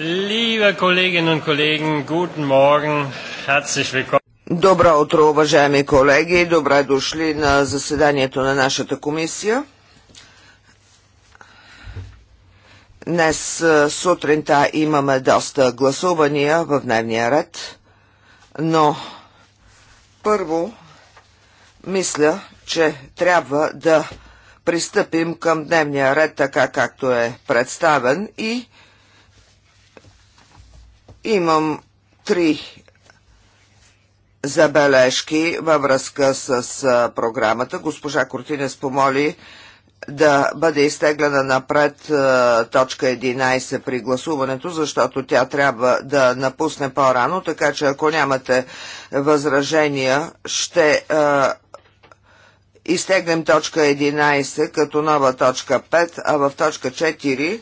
Liebe Kolleginnen und Kollegen, guten Morgen, herzlich willkommen. Добро утро, уважаеми колеги! Добре дошли на заседанието на нашата комисия. Днес сутринта имаме доста гласувания в дневния ред, но първо мисля, че трябва да пристъпим към дневния ред така както е представен и Имам три забележки във връзка с програмата. Госпожа Кортинес помоли да бъде изтеглена напред точка 11 при гласуването, защото тя трябва да напусне по-рано, така че ако нямате възражения, ще а, изтегнем точка 11 като нова точка 5, а в точка 4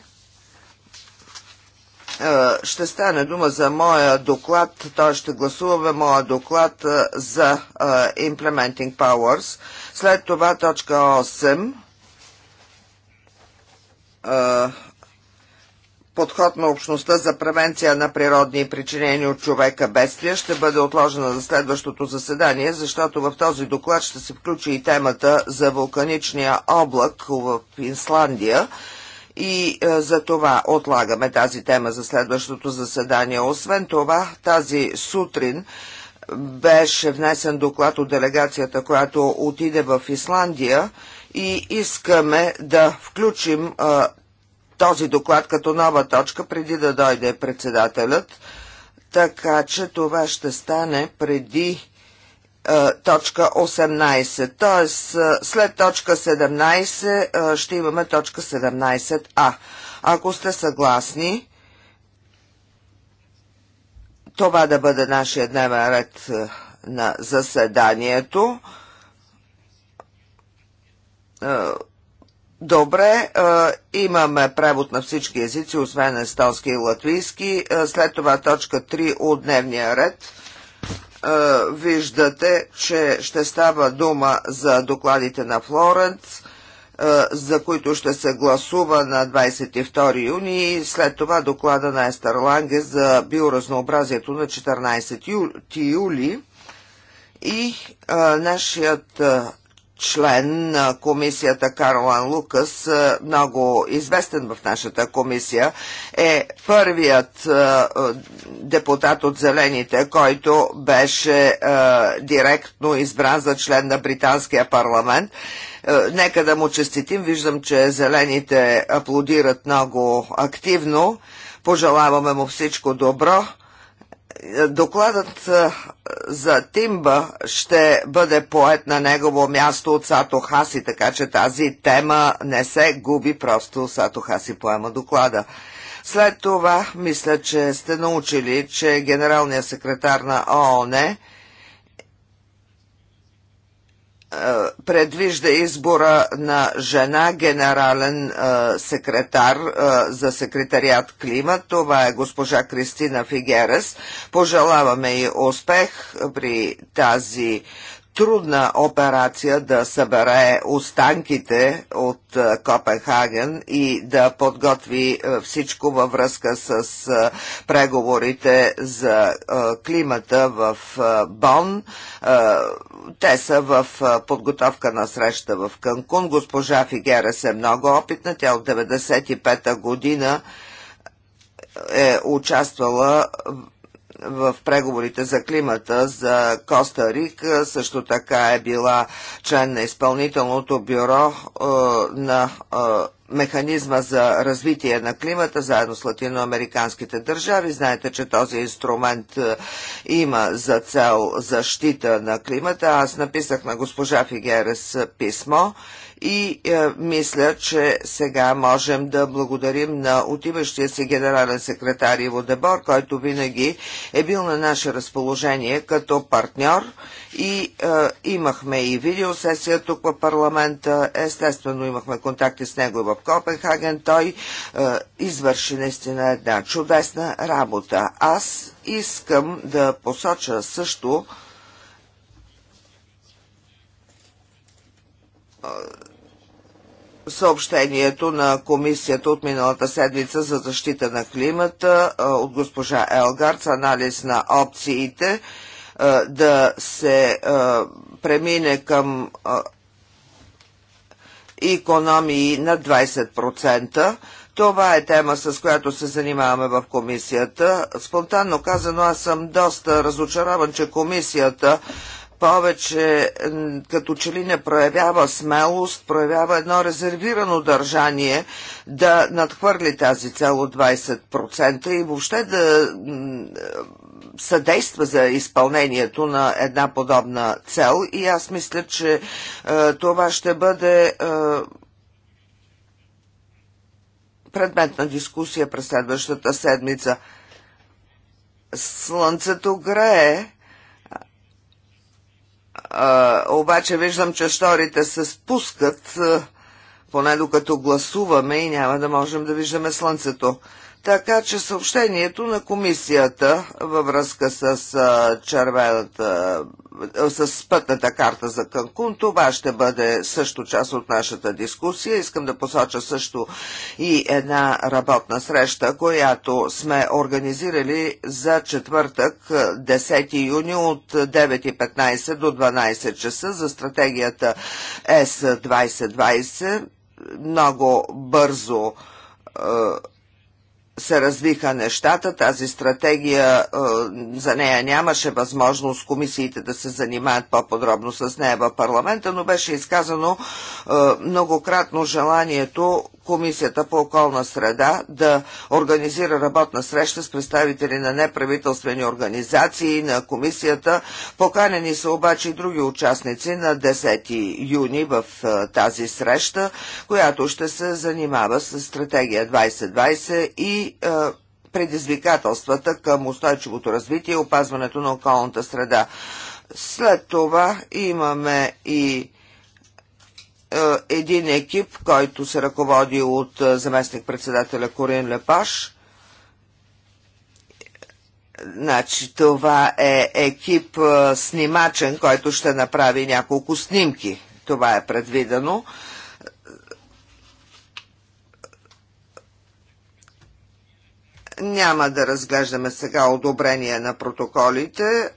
е, ще стане дума за моя доклад, той ще гласуваме моя доклад е, за е, Implementing Powers. След това точка 8 подход на общността за превенция на природни причинени от човека бедствия ще бъде отложена за следващото заседание, защото в този доклад ще се включи и темата за вулканичния облак в Исландия и е, за това отлагаме тази тема за следващото заседание. Освен това, тази сутрин беше внесен доклад от делегацията, която отиде в Исландия и искаме да включим е, този доклад като нова точка преди да дойде председателят, така че това ще стане преди точка 18. Т.е. след точка 17 ще имаме точка 17а. Ако сте съгласни, това да бъде нашия дневен ред на заседанието. Добре, имаме превод на всички езици, освен естонски и латвийски. След това точка 3 от дневния ред – е, виждате, че ще става дума за докладите на Флоренц, е, за които ще се гласува на 22 юни и след това доклада на Естер Ланге за биоразнообразието на 14 юли. И а, е, нашият член на комисията Карлан Лукас, е, много известен в нашата комисия, е първият е, е, депутат от Зелените, който беше директно избран за член на британския парламент. Нека да му честитим. Виждам, че Зелените аплодират много активно. Пожелаваме му всичко добро. Докладът за Тимба ще бъде поет на негово място от Сато Хаси, така че тази тема не се губи, просто Сато Хаси поема доклада. След това, мисля, че сте научили, че генералният секретар на ООН е, предвижда избора на жена генерален е, секретар е, за секретариат Климат. Това е госпожа Кристина Фигерес. Пожелаваме и успех при тази трудна операция да събере останките от е, Копенхаген и да подготви е, всичко във връзка с е, преговорите за климата в Бон. Те са в подготовка на среща в Канкун. Госпожа Фигерес е много опитна. Тя от 95-та година е участвала в в преговорите за климата за Коста Рик. Също така е била член на изпълнителното бюро е, на е, механизма за развитие на климата заедно с латиноамериканските държави. Знаете, че този инструмент е, има за цел защита на климата. Аз написах на госпожа Фигерес писмо и е, мисля, че сега можем да благодарим на отиващия се генерален секретар Иво Дебор, който винаги е бил на наше разположение като партньор и е, имахме и видеосесия тук в парламента, естествено имахме контакти с него и в Копенхаген, той е, извърши наистина една чудесна работа. Аз искам да посоча също съобщението на комисията от миналата седмица за защита на климата от госпожа Елгарц, анализ на опциите да се премине към економии на 20%. Това е тема, с която се занимаваме в комисията. Спонтанно казано, аз съм доста разочарован, че комисията повече като че ли не проявява смелост, проявява едно резервирано държание да надхвърли тази цел от 20% и въобще да е, съдейства за изпълнението на една подобна цел и аз мисля, че е, това ще бъде е, предмет на дискусия през следващата седмица. Слънцето грее обаче виждам, че шторите се спускат, поне докато гласуваме и няма да можем да виждаме слънцето. Така че съобщението на комисията във връзка с червената с пътната карта за Канкун. Това ще бъде също част от нашата дискусия. Искам да посоча също и една работна среща, която сме организирали за четвъртък 10 юни от 9.15 до 12 часа за стратегията С 2020. Много бързо се развиха нещата. Тази стратегия, е, за нея нямаше възможност комисиите да се занимаят по-подробно с нея в парламента, но беше изказано е, многократно желанието Комисията по околна среда да организира работна среща с представители на неправителствени организации на комисията. Поканени са обаче и други участници на 10 юни в е, тази среща, която ще се занимава с стратегия 2020 и е, предизвикателствата към устойчивото развитие и опазването на околната среда. След това имаме и е, един екип, който се ръководи от е, заместник-председателя Корин Лепаш. Значи, това е екип е, снимачен, който ще направи няколко снимки. Това е предвидено. Няма да разглеждаме сега одобрение на протоколите.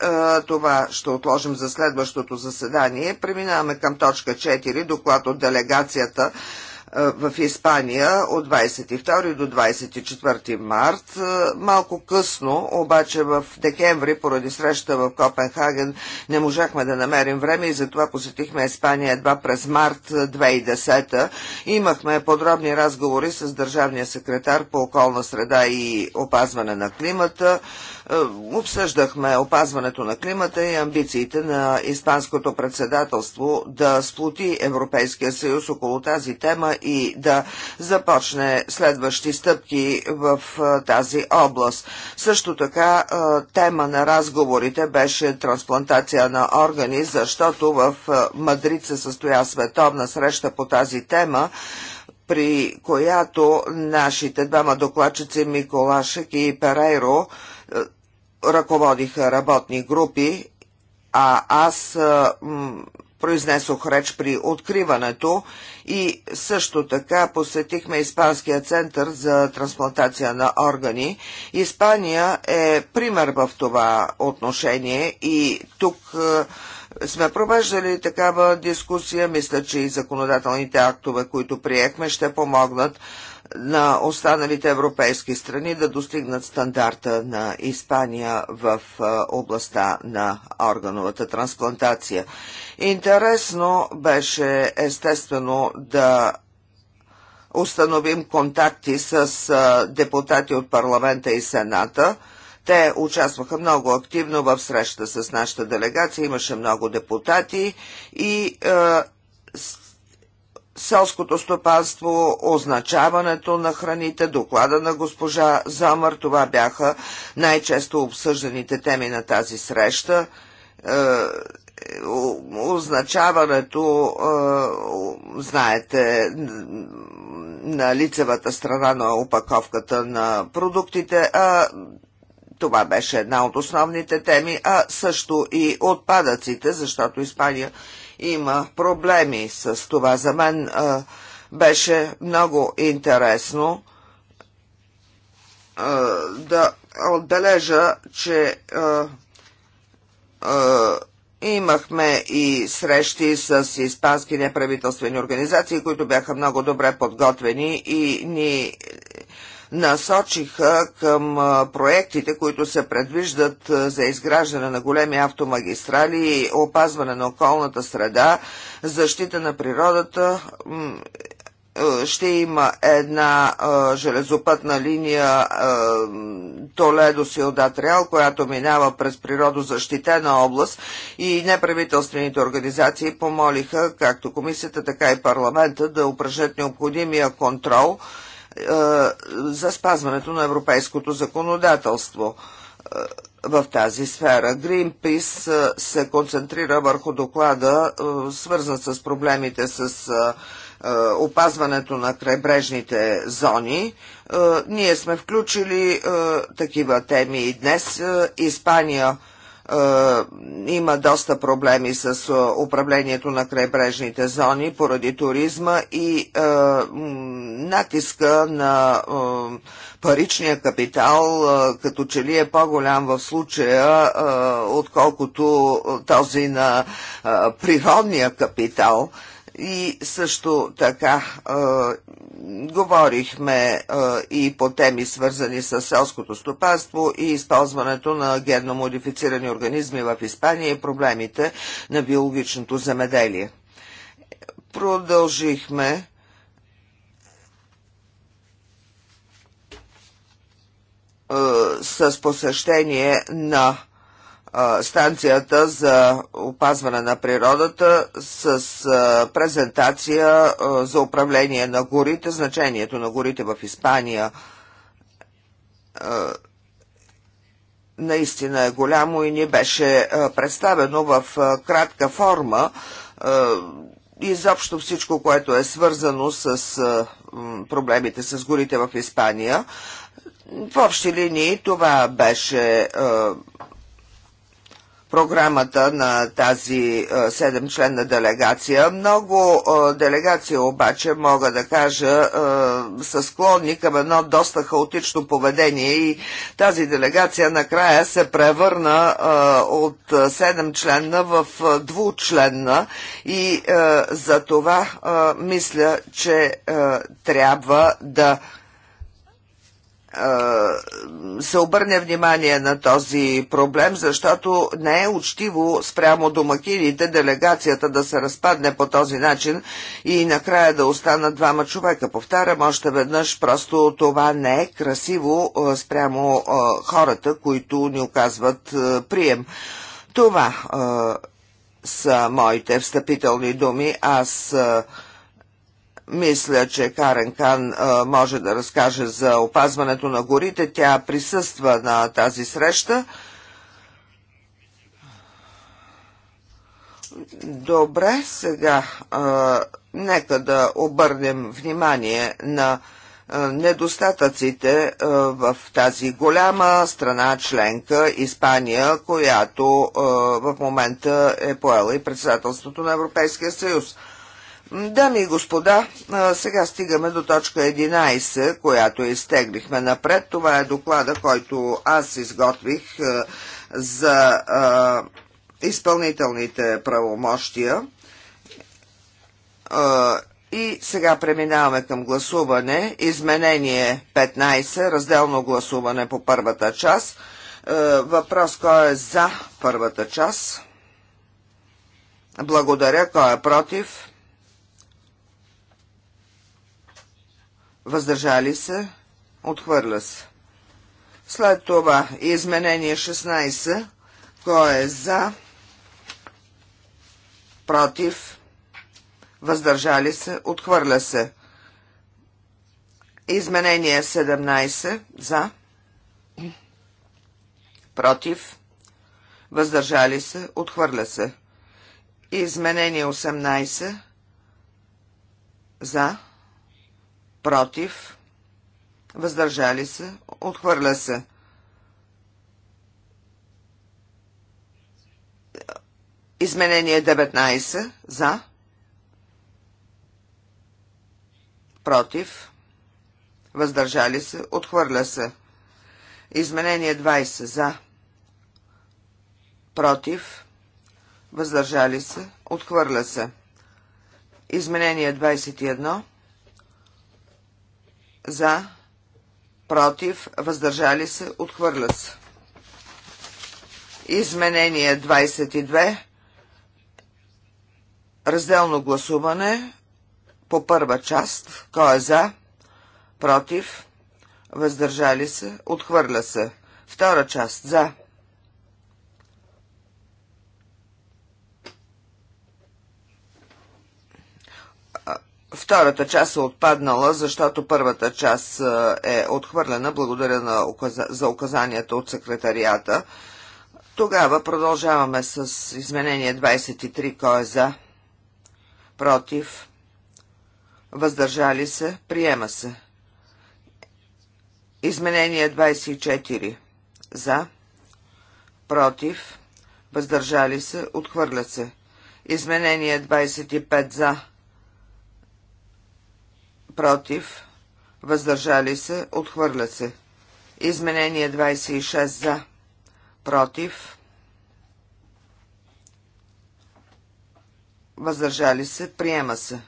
Това ще отложим за следващото заседание. Преминаваме към точка 4, доклад от делегацията в Испания от 22 до 24 март. Малко късно, обаче в декември, поради среща в Копенхаген, не можахме да намерим време и затова посетихме Испания едва през март 2010. Имахме подробни разговори с държавния секретар по околна среда и опазване на климата е, обсъждахме опазването на климата и амбициите на Испанското председателство да сплоти Европейския съюз около тази тема и да започне следващи стъпки в е, тази област. Също така е, тема на разговорите беше трансплантация на органи, защото в Мадрид се състоя световна среща по тази тема при която нашите двама докладчици Миколашек и Перейро ръководиха работни групи, а аз произнесох реч при откриването и също така посетихме Испанския център за трансплантация на органи. Испания е пример в това отношение и тук сме провеждали такава дискусия. Мисля, че и законодателните актове, които приехме, ще помогнат на останалите европейски страни да достигнат стандарта на Испания в областта на органовата трансплантация. Интересно беше естествено да установим контакти с депутати от парламента и сената. Те участваха много активно в среща с нашата делегация, имаше много депутати и е, селското стопанство, означаването на храните, доклада на госпожа Замър. Това бяха най-често обсъжданите теми на тази среща. Е, означаването, е, знаете, на лицевата страна на опаковката на продуктите, а това беше една от основните теми, а също и отпадъците, защото Испания има проблеми с това. За мен а, беше много интересно а, да отбележа, че а, а, Имахме и срещи с испански неправителствени организации, които бяха много добре подготвени и ни насочиха към проектите, които се предвиждат за изграждане на големи автомагистрали, опазване на околната среда, защита на природата ще има една железопътна линия Толедо Силдат Реал, която минава през природозащитена област и неправителствените организации помолиха както комисията, така и парламента да упражнят необходимия контрол – е, за спазването на европейското законодателство е, в тази сфера. Greenpeace е, се концентрира върху доклада, свързан с проблемите с опазването на крайбрежните зони. Ние сме включили такива теми и днес. Испания е, има доста проблеми с е, управлението на крайбрежните зони поради туризма и е, натиска на паричния капитал като че ли е по-голям в случая, отколкото този на природния капитал – и също така е, говорихме е, и по теми свързани с селското стопанство и използването на генномодифицирани организми в Испания и проблемите на биологичното земеделие. Продължихме е, с посещение на станцията за опазване на природата с презентация за управление на горите, значението на горите в Испания наистина е голямо и ни беше представено в кратка форма изобщо всичко, което е свързано с проблемите с горите в Испания. В общи линии това беше програмата на тази седемчленна делегация. Много делегации обаче, мога да кажа, са склонни към едно доста хаотично поведение и тази делегация накрая се превърна от седемчленна в двучленна и за това мисля, че трябва да се обърне внимание на този проблем, защото не е учтиво спрямо домакините делегацията да се разпадне по този начин и накрая да останат двама човека. Повтарям още веднъж, просто това не е красиво спрямо хората, които ни оказват прием. Това са моите встъпителни думи. Аз мисля, че Карен Кан може да разкаже за опазването на горите. Тя присъства на тази среща. Добре, сега а, нека да обърнем внимание на недостатъците в тази голяма страна членка Испания, която в момента е поела и председателството на Европейския съюз. Дами и господа, сега стигаме до точка 11, която изтеглихме напред. Това е доклада, който аз изготвих за изпълнителните правомощия. И сега преминаваме към гласуване. Изменение 15, разделно гласуване по първата част. Въпрос кой е за първата част? Благодаря. Кой е против? въздържали се, отхвърля се. След това изменение 16, кой е за, против, въздържали се, отхвърля се. Изменение 17, за, против, въздържали се, отхвърля се. Изменение 18, за, против, въздържали се, отхвърля се. Изменение 19 за, против, въздържали се, отхвърля се. Изменение 20 за, против, въздържали се, отхвърля се. Изменение 21 за, против, въздържали се, отхвърля се. Изменение 22. Разделно гласуване по първа част. Кой е за? Против. Въздържали се. Отхвърля се. Втора част. За. Втората част е отпаднала, защото първата част е, е отхвърлена благодаря на, за указанията от секретарията. Тогава продължаваме с изменение 23. Кой е за? Против? Въздържали се? Приема се. Изменение 24. За? Против? Въздържали се? Отхвърля се. Изменение 25. За? против, въздържали се, отхвърля се. Изменение 26 за, против, въздържали се, приема се.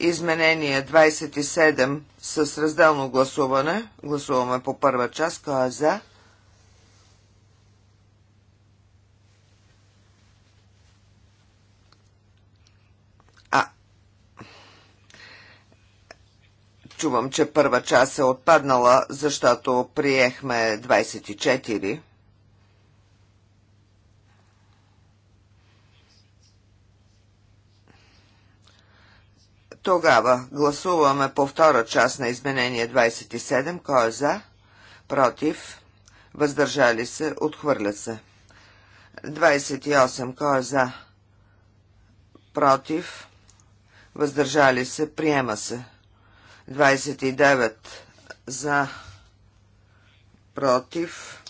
Изменение 27 с разделно гласуване. Гласуваме по първа част, кой е за, чувам, че първа част е отпаднала, защото приехме 24. Тогава гласуваме по втора част на изменение 27. Кой е за? Против? Въздържали се? Отхвърля се. 28. Кой е за? Против? Въздържали се? Приема се. 29 за, против,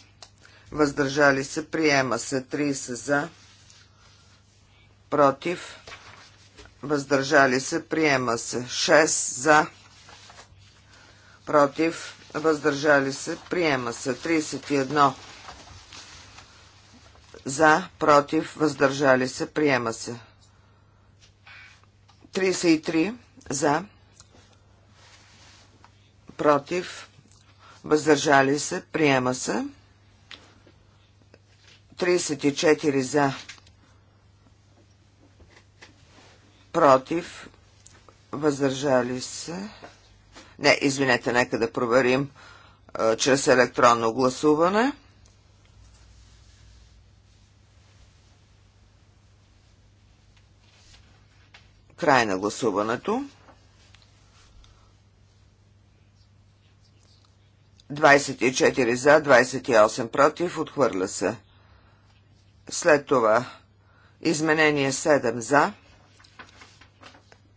въздържали се, приема се 30 за, против, въздържали се, приема се 6 за, против, въздържали се, приема се 31 за, против, въздържали се, приема се 33 за, против, въздържали се, приема се. 34 за, против, въздържали се. Не, извинете, нека да проверим а, чрез електронно гласуване. Край на гласуването. 24 за, 28 против, отхвърля се. След това изменение 7 за.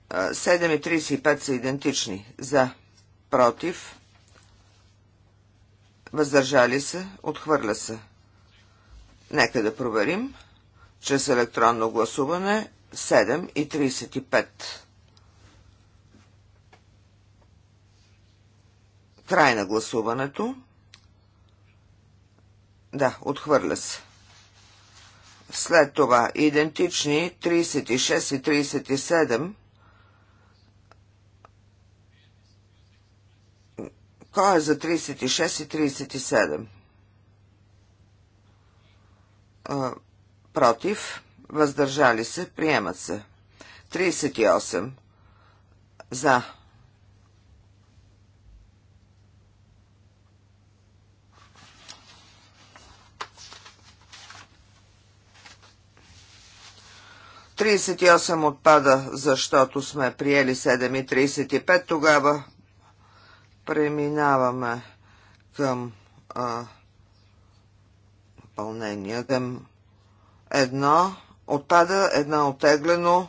7 и 35 са идентични. За, против, въздържали се, отхвърля се. Нека да проверим чрез електронно гласуване 7 и 35. Край на гласуването. Да, отхвърля се. След това идентични 36 и 37. Кой е за 36 и 37? против. Въздържали се. Приемат се. 38. За. 38 отпада, защото сме приели 7,35. Тогава преминаваме към а, Към едно отпада, едно отеглено.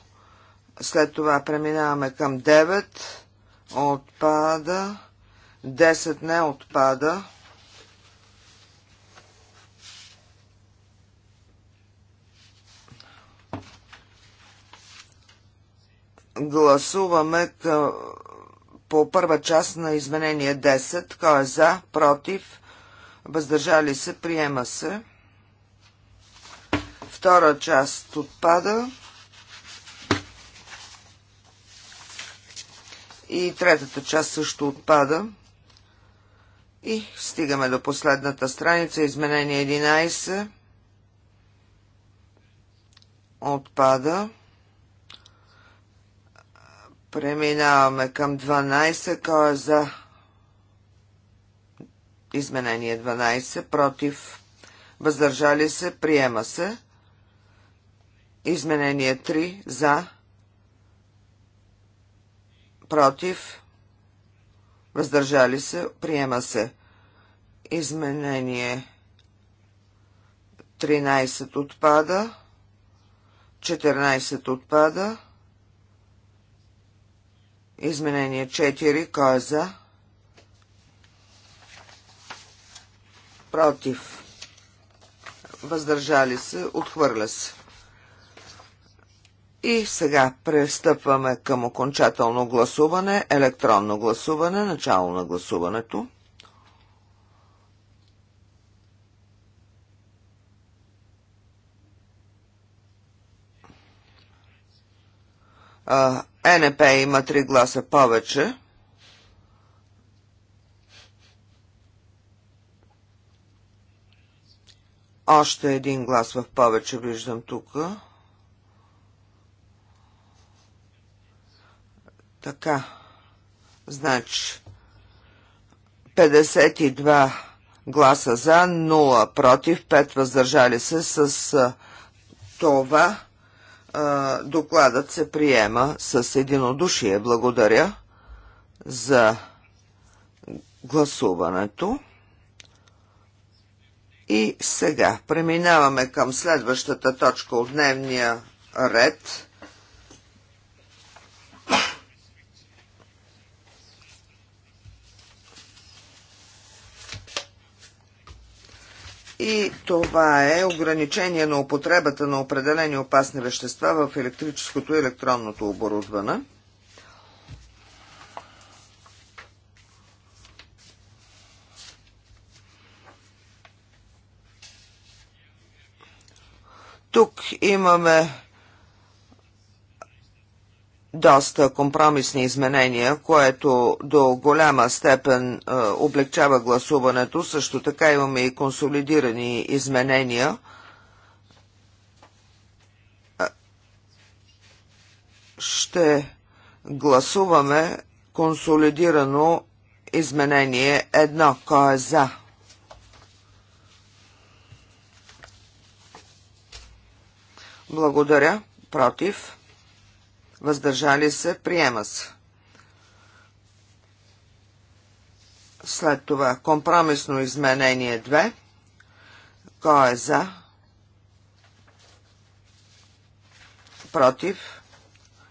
След това преминаваме към 9. Отпада. 10 не отпада. гласуваме към, по първа част на изменение 10. Кой е за, против, въздържали се, приема се. Втора част отпада. И третата част също отпада. И стигаме до последната страница, изменение 11. Отпада. Преминаваме към 12. Кой е за изменение 12? Против. Въздържали се. Приема се. Изменение 3. За. Против. Въздържали се. Приема се. Изменение 13 отпада. 14 отпада. Изменение 4. Кой е за? Против. Въздържали се. Отхвърля се. И сега престъпваме към окончателно гласуване, електронно гласуване, начало на гласуването. А, е НП има три гласа повече. Още един глас в повече виждам тук. Така. Значи 52 гласа за, 0 против, 5 въздържали се с това Докладът се приема с единодушие. Благодаря за гласуването. И сега преминаваме към следващата точка от дневния ред. И това е ограничение на употребата на определени опасни вещества в електрическото и електронното оборудване. Тук имаме доста компромисни изменения, което до голяма степен е, облегчава гласуването. Също така имаме и консолидирани изменения. Е, ще гласуваме консолидирано изменение едно. Кой е за? Благодаря. Против въздържали се, приема се. След това компромисно изменение 2. Кой е за? Против?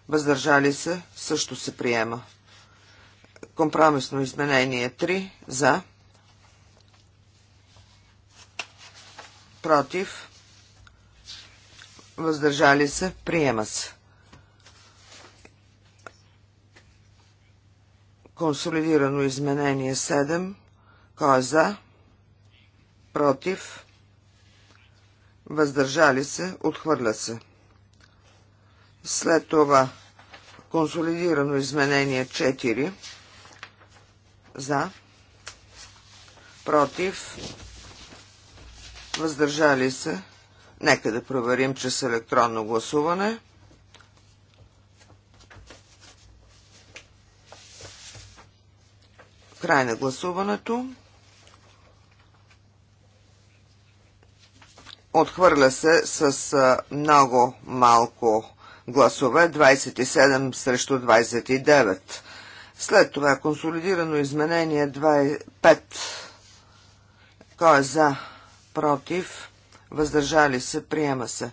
Въздържали се? Също се приема. Компромисно изменение 3. За? Против? Въздържали се? Приема се. Консолидирано изменение 7. Кой е за? Против? Въздържали се? Отхвърля се. След това консолидирано изменение 4. За? Против? Въздържали се? Нека да проверим че с електронно гласуване. Край на гласуването. Отхвърля се с много малко гласове, 27 срещу 29. След това консолидирано изменение 5. Кой е за? Против? Въздържали се? Приема се.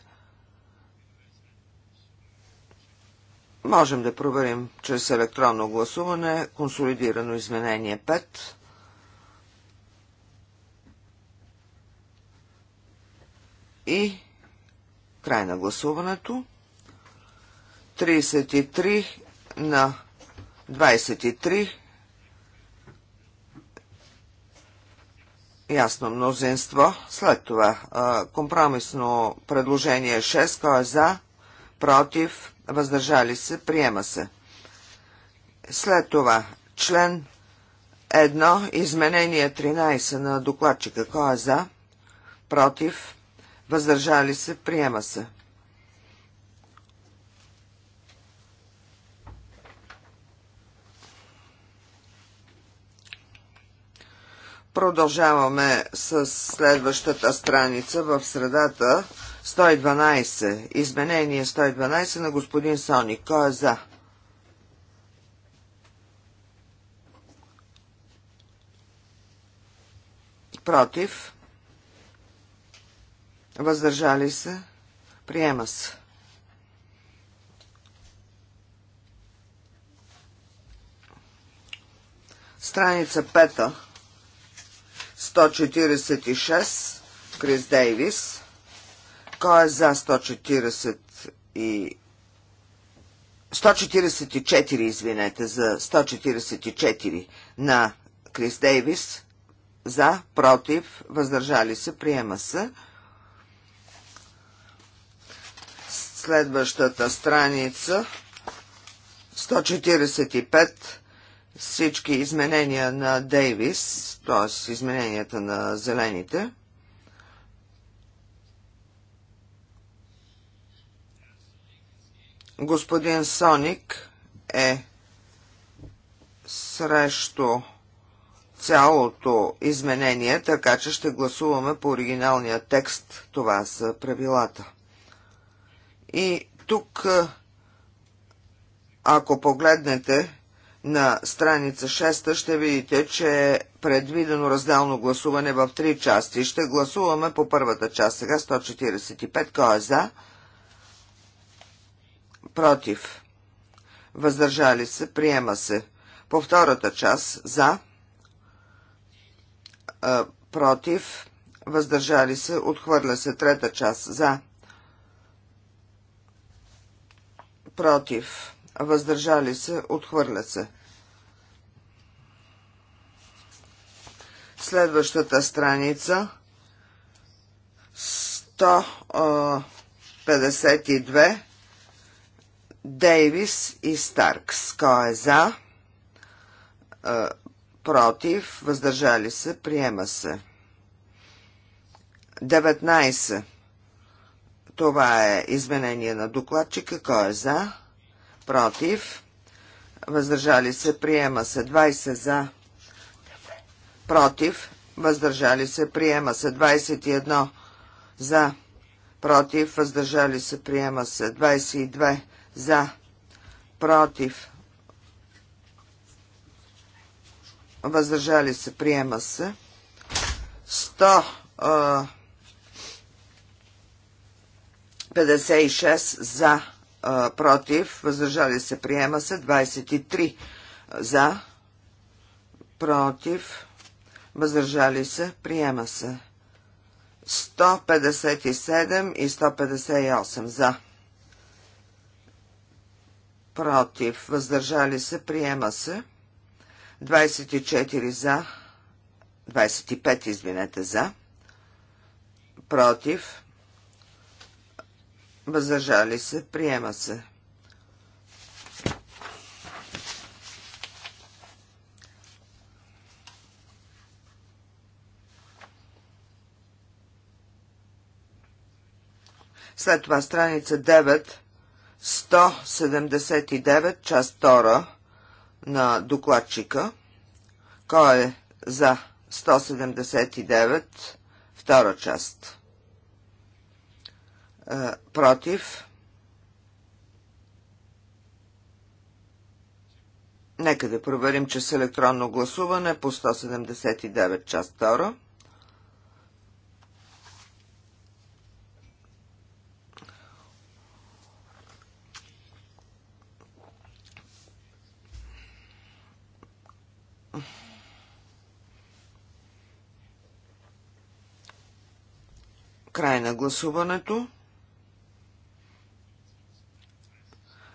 Можем да проверим чрез електронно гласуване консолидирано изменение 5. И край на гласуването. 33 на 23. Ясно мнозинство. След това компромисно предложение 6. Кой е за? Против? въздържали се, приема се. След това, член 1, изменение 13 на докладчика, кой е за, против, въздържали се, приема се. Продължаваме с следващата страница в средата 112. Изменение 112 на господин Соник. Кой е за? Против. Въздържали се. Приема се. Страница 5. 146. Крис Дейвис. Кой е за 140 и 144, извинете, за 144 на Крис Дейвис. За, против, въздържали се, приема се. Следващата страница 145 всички изменения на Дейвис, т.е. измененията на зелените – господин Соник е срещу цялото изменение, така че ще гласуваме по оригиналния текст. Това са правилата. И тук, ако погледнете на страница 6, ще видите, че е предвидено разделно гласуване в три части. Ще гласуваме по първата част. Сега 145. Кой е за? против, въздържали се, приема се. По втората част за, а, против, въздържали се, отхвърля се. Трета част за, против, въздържали се, отхвърля се. Следващата страница 152 Дейвис и Старкс. Кой е за? Е, против. Въздържали се. Приема се. 19. Това е изменение на докладчика. Кой е за? Против. Въздържали се. Приема се. 20 за. Против. Въздържали се. Приема се. 21 за. Против. Въздържали се. Приема се. 22 за, против, въздържали се, приема се. 156 за, против, въздържали се, приема се. 23 за, против, въздържали се, приема се. 157 и 158 за против, въздържали се, приема се. 24 за, 25 извинете за, против, въздържали се, приема се. След това страница 9 179, част 2 на докладчика. Кой е за 179, втора част? Е, против? Нека да проверим, че с електронно гласуване по 179, част 2. Край на гласуването.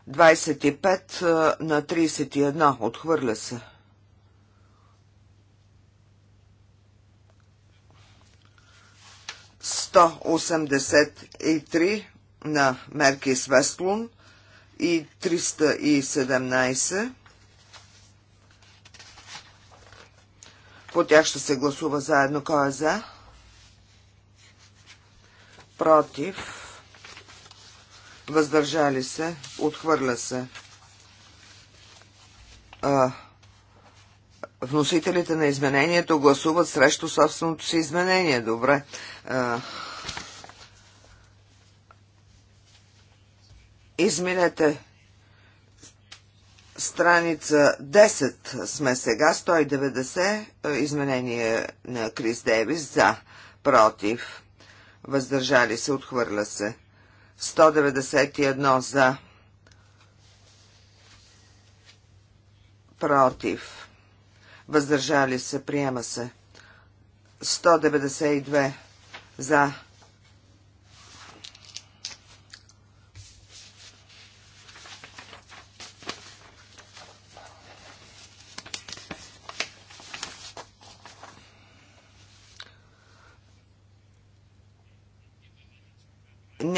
25 на 31. Отхвърля се. Сто осемдесет и три на мерки Свестлун и 317. По тях ще се гласува заедно кой е за против, въздържали се, отхвърля се. А, вносителите на изменението гласуват срещу собственото си изменение. Добре. А, изминете страница 10 сме сега, 190, изменение на Крис Девис за, против, въздържали се, отхвърля се. 191 за, против, въздържали се, приема се. 192 за,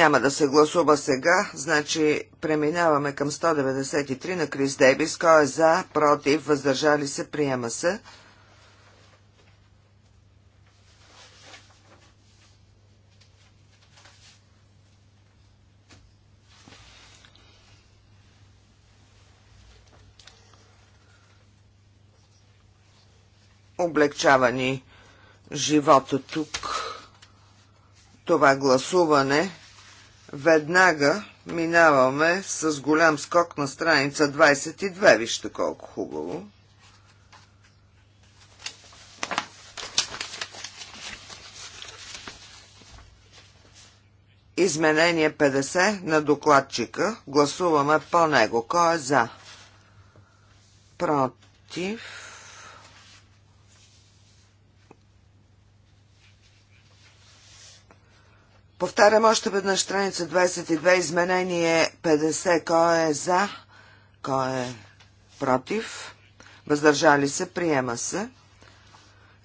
няма да се гласува сега, значи преминаваме към 193 на Крис Дебис. Кой е за, против, въздържали се, приема се. Облегчавани ни живота тук. Това гласуване Веднага минаваме с голям скок на страница 22. Вижте колко хубаво. Изменение 50 на докладчика. Гласуваме по него. Кой е за? Против. Повтарям още веднъж страница 22, изменение 50. Кой е за? Кой е против? Въздържали се? Приема се.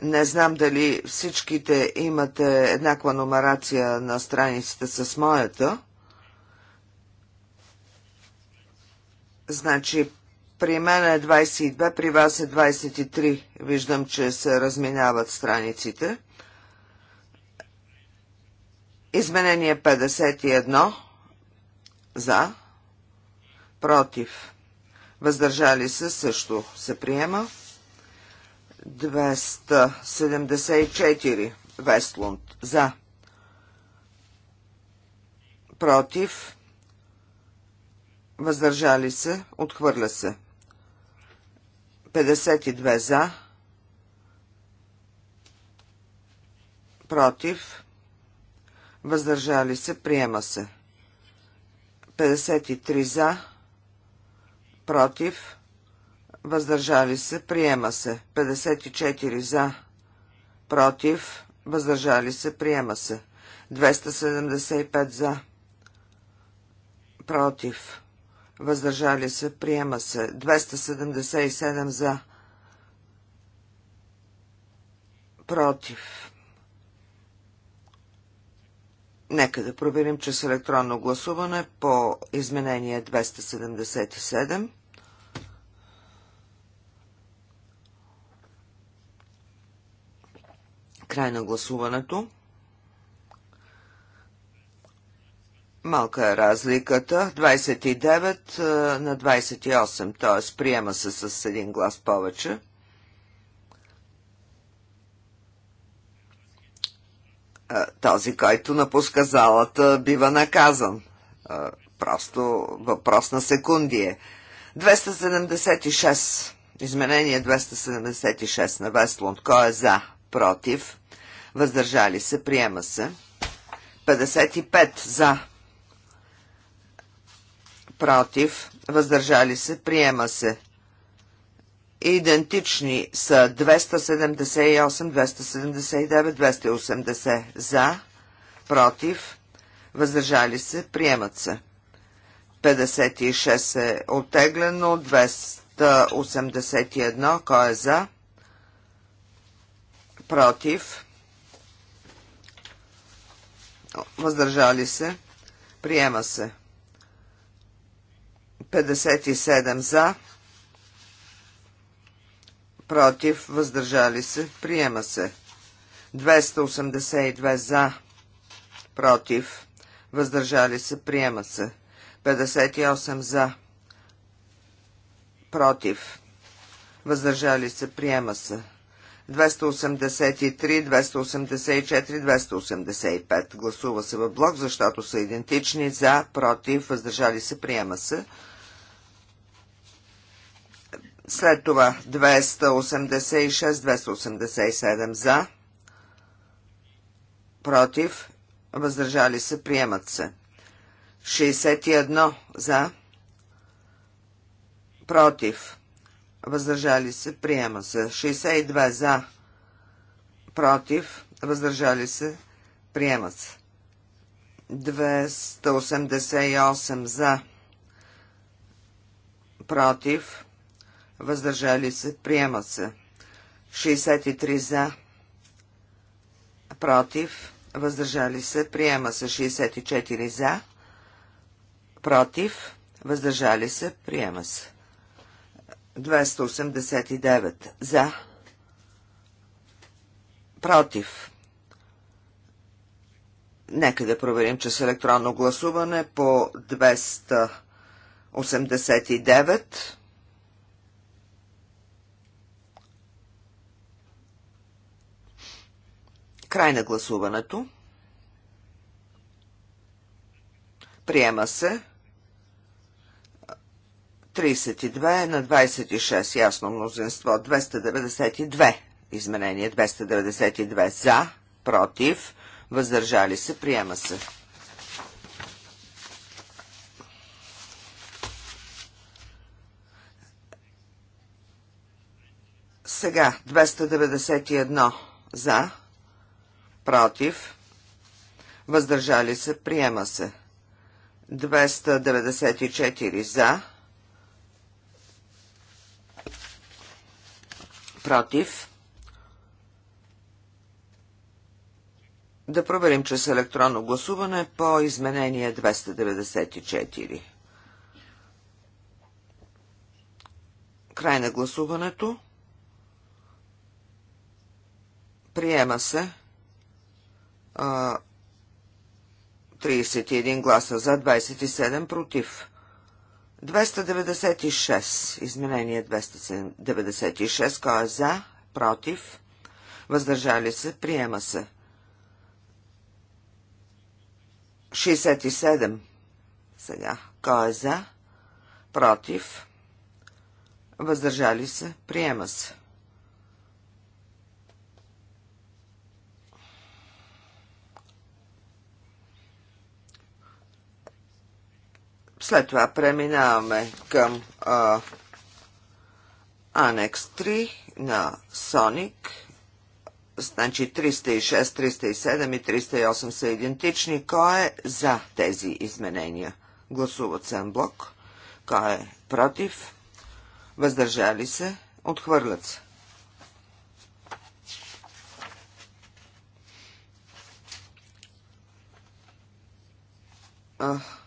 Не знам дали всичките имате еднаква номерация на страниците с моята. Значи, при мен е 22, при вас е 23. Виждам, че се разминават страниците. Изменение 51 за, против, въздържали се също се приема. 274 Вестлунд за, против, въздържали се, отхвърля се. 52 за, против, въздържали се, приема се. 53 за, против, въздържали се, приема се. 54 за, против, въздържали се, приема се. 275 за, против, въздържали се, приема се. 277 за, против, Нека да проверим, че с електронно гласуване по изменение 277 край на гласуването. Малка е разликата. 29 на 28, т.е. приема се с един глас повече. Е, този, който напуска залата, бива наказан. Е, просто въпрос на секунди е. 276. Изменение 276 на Вестлунд. Кой е за? Против? Въздържали се? Приема се. 55 за. Против? Въздържали се? Приема се идентични са 278, 279, 280 за, против, въздържали се, приемат се. 56 е оттеглено, 281, кой е за, против, въздържали се, приема се. 57 за, против, въздържали се, приема се. 282 за, против, въздържали се, приема се. 58 за, против, въздържали се, приема се. 283, 284, 285. Гласува се в блок, защото са идентични за, против, въздържали се, приема се. След това 286-287 за, против, въздържали се, приемат се. 61 за, против, въздържали се, приема се. 62 за, против, въздържали се, приемат се. 288 за, против, въздържали се, приема се. 63 за, против, въздържали се, приема се. 64 за, против, въздържали се, приема се. 289 за, против. Нека да проверим, че с електронно гласуване по 289 Край на гласуването. Приема се. 32 на 26, ясно мнозинство, 292, изменение 292 за, против, въздържали се, приема се. Сега 291 за, против, въздържали се, приема се. 294 за, против. Да проверим, че с електронно гласуване по изменение 294. Край на гласуването. Приема се. 31 гласа за, 27 против. 296. Изменение 296. Кой е за? Против? Въздържали се? Приема се. 67. Сега. Кой е за? Против? Въздържали се? Приема се. След това преминаваме към а, анекс 3 на Sonic. Значи 306, 307 и 308 са идентични. Кой е за тези изменения? Гласуват сен блок. Кой е против? Въздържали се? Отхвърлят се. Ах.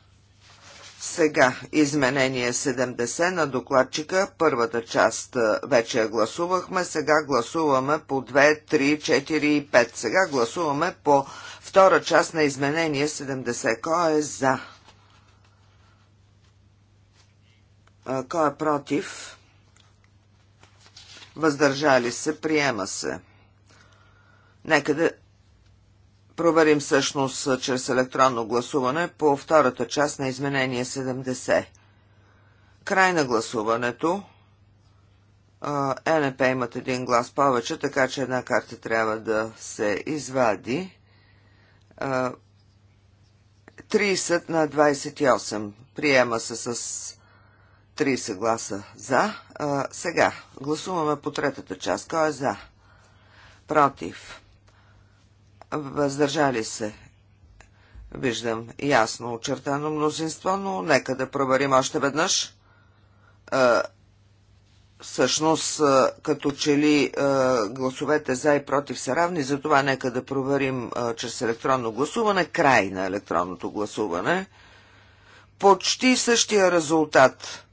Сега изменение 70 на докладчика. Първата част вече я гласувахме. Сега гласуваме по 2, 3, 4 и 5. Сега гласуваме по втора част на изменение 70. Кой е за? Кой е против? Въздържали се, приема се. Нека да проверим всъщност чрез електронно гласуване по втората част на изменение 70. Край на гласуването. Е НП имат един глас повече, така че една карта трябва да се извади. 30 на 28. Приема се с 30 гласа за. сега гласуваме по третата част. Кой е за? Против въздържали се. Виждам ясно очертано мнозинство, но нека да проверим още веднъж. А, всъщност, като че ли а, гласовете за и против са равни, затова нека да проверим а, чрез електронно гласуване край на електронното гласуване. Почти същия резултат.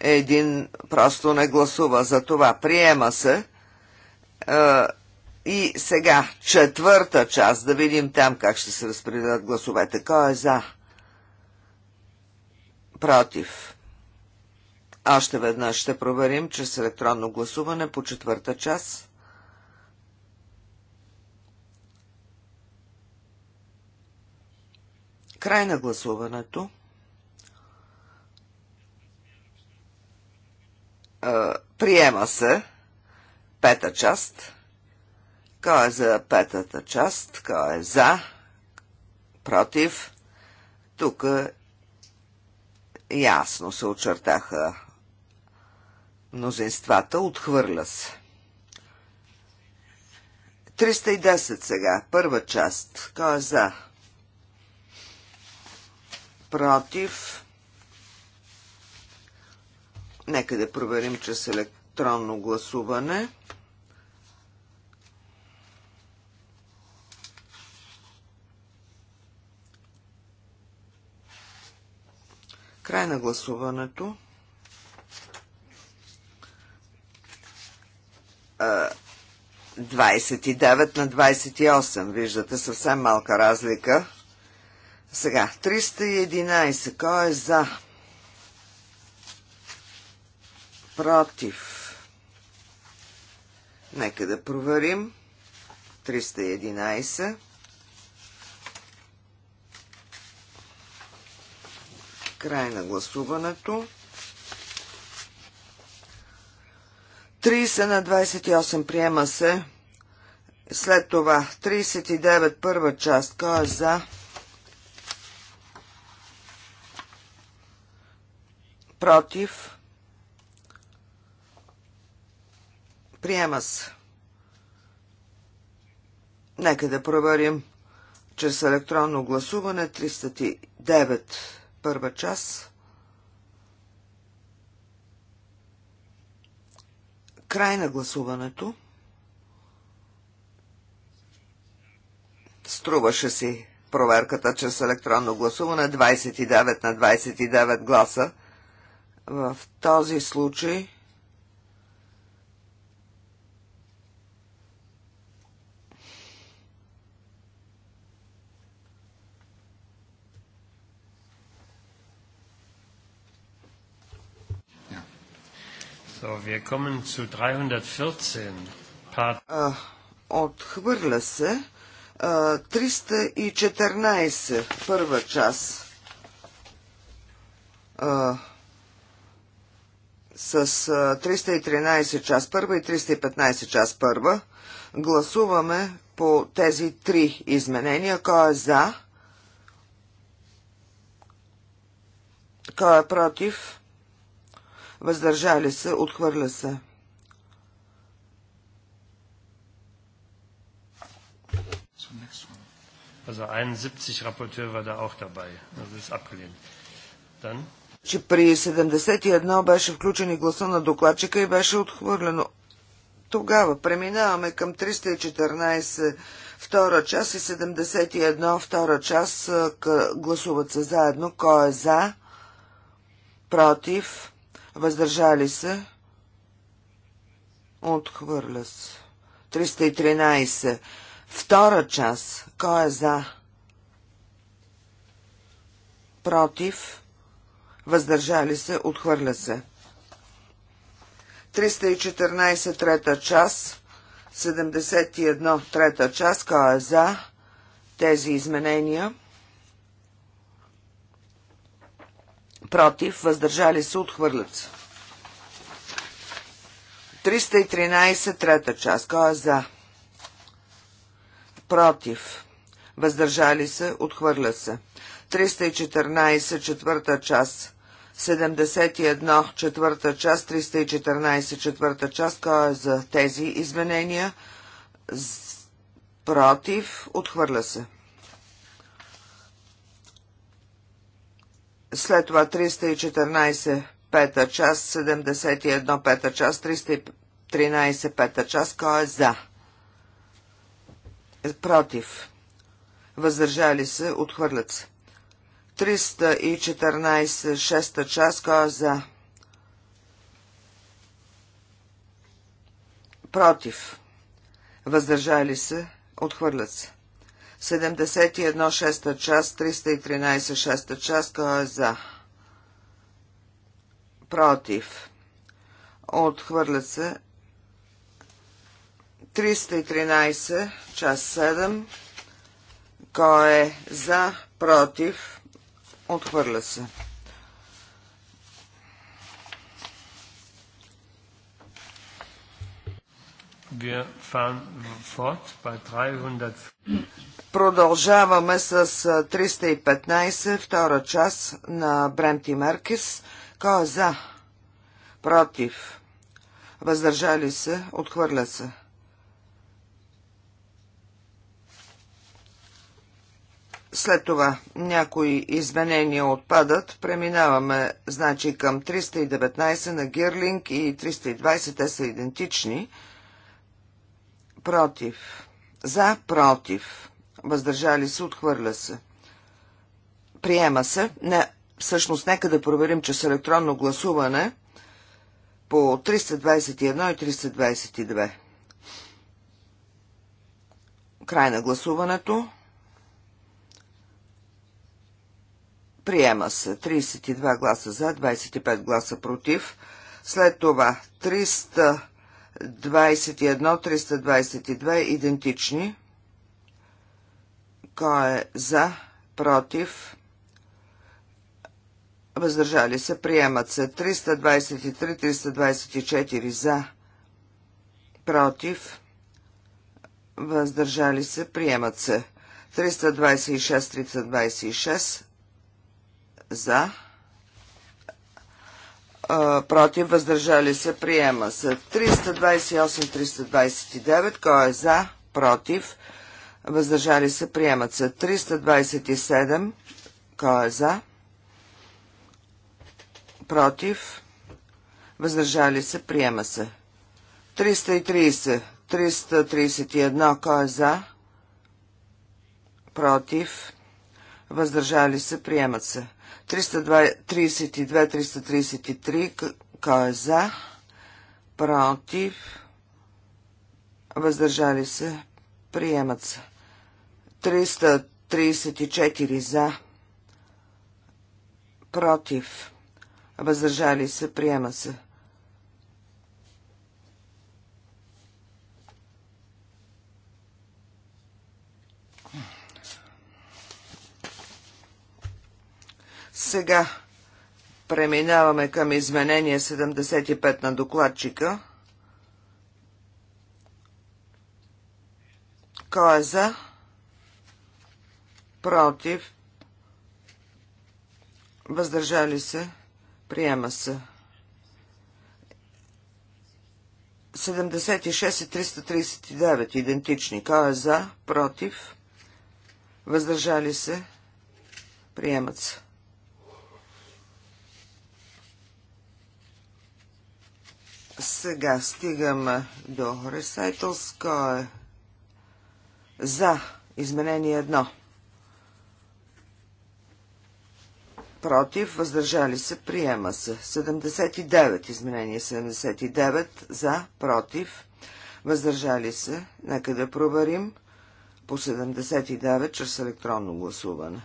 Един просто не гласува, за това приема се. А, и сега, четвърта част, да видим там как ще се разпределят гласовете. Кой е за? Против. Още веднъж ще проверим чрез електронно гласуване по четвърта част. Край на гласуването. Приема се пета част. Кой е за петата част? Кой е за? Против? Тук ясно се очертаха мнозинствата. Отхвърля се. 310 сега. Първа част. Кой е за? Против? Нека да проверим чрез електронно гласуване. Край на гласуването. А, 29 на 28. Виждате съвсем малка разлика. Сега, 311. Кой е за? Против. Нека да проверим. 311. Край на гласуването. 30 на 28 приема се. След това 39 първа част. Кой е за? Против. Приема се. Нека да проверим чрез електронно гласуване 309. Първа част. Край на гласуването. Струваше си проверката чрез електронно гласуване 29 на 29 гласа. В този случай So, wir kommen zu 314. Part... отхвърля се. 314, първа част. с 313 час първа и 315 час първа. Гласуваме по тези три изменения. Кой е за? Кой е против? въздържали се, отхвърля се. Also 71 Rapporteur war da auch dabei. Das ist abgelehnt. Dann че при 71 беше включен и гласа на докладчика и беше отхвърлено. Тогава преминаваме към 314 втора част и 71 втора част гласуват се заедно. Кой е за? Против? въздържали се, отхвърля се. 313. Втора част. Кой е за? Против. Въздържали се. Отхвърля се. 314. Трета част. 71. Трета част. Кой е за? Тези изменения. против, въздържали се, отхвърлят се. 313 трета част. Кой е за? Против. Въздържали се, отхвърля се. 314 четвърта част. 71 четвърта част, 314 четвърта част. Кой е за тези изменения? Против. Отхвърля се. след това 314 пета част, 71 пета част, 313 пета част, кой е за? Е, против. Въздържали се, отхвърлят се. 314 шеста част, кой е за? Против. Въздържали се, отхвърлят се. 71 шеста част, 313 шеста част, кой е за? Против. Отхвърля се. 313 част 7. Кой е за? Против. Отхвърля се. Wir fahren fort bei 300. Продължаваме с 315, втора част на Бренти Маркис. Кой е за? Против. Въздържали се, отхвърля се. След това някои изменения отпадат. Преминаваме значи към 319 на Гирлинг и 320. Те са идентични. Против. За, против въздържали се, отхвърля се. Приема се. Не, всъщност, нека да проверим, че с електронно гласуване по 321 и 322. Край на гласуването. Приема се 32 гласа за, 25 гласа против. След това 321, 322 идентични. Кой е за? Против? Въздържали се. Приемат се. 323, 324 за. Против? Въздържали се. Приемат се. 326, 326 за против, въздържали се, приема се. 328-329, кой е за, против, въздържали се, приемат се. 327, кой е за, против, въздържали се, приема се. 330, 331, кой е за, против, въздържали се, приемат се. 332-333, кой е за, против, въздържали се, приемат се. 334 за, против, въздържали се, приема се. Сега преминаваме към изменение 75 на докладчика. Кой е за? против, въздържали се, приема се. 76 и 339 идентични. Кой е за, против, въздържали се, приемат се. Сега стигаме до ресайтълс. Кой е за изменение 1? против, въздържали се, приема се. 79, изменение 79, за, против, въздържали се. Нека да проверим по 79 чрез електронно гласуване.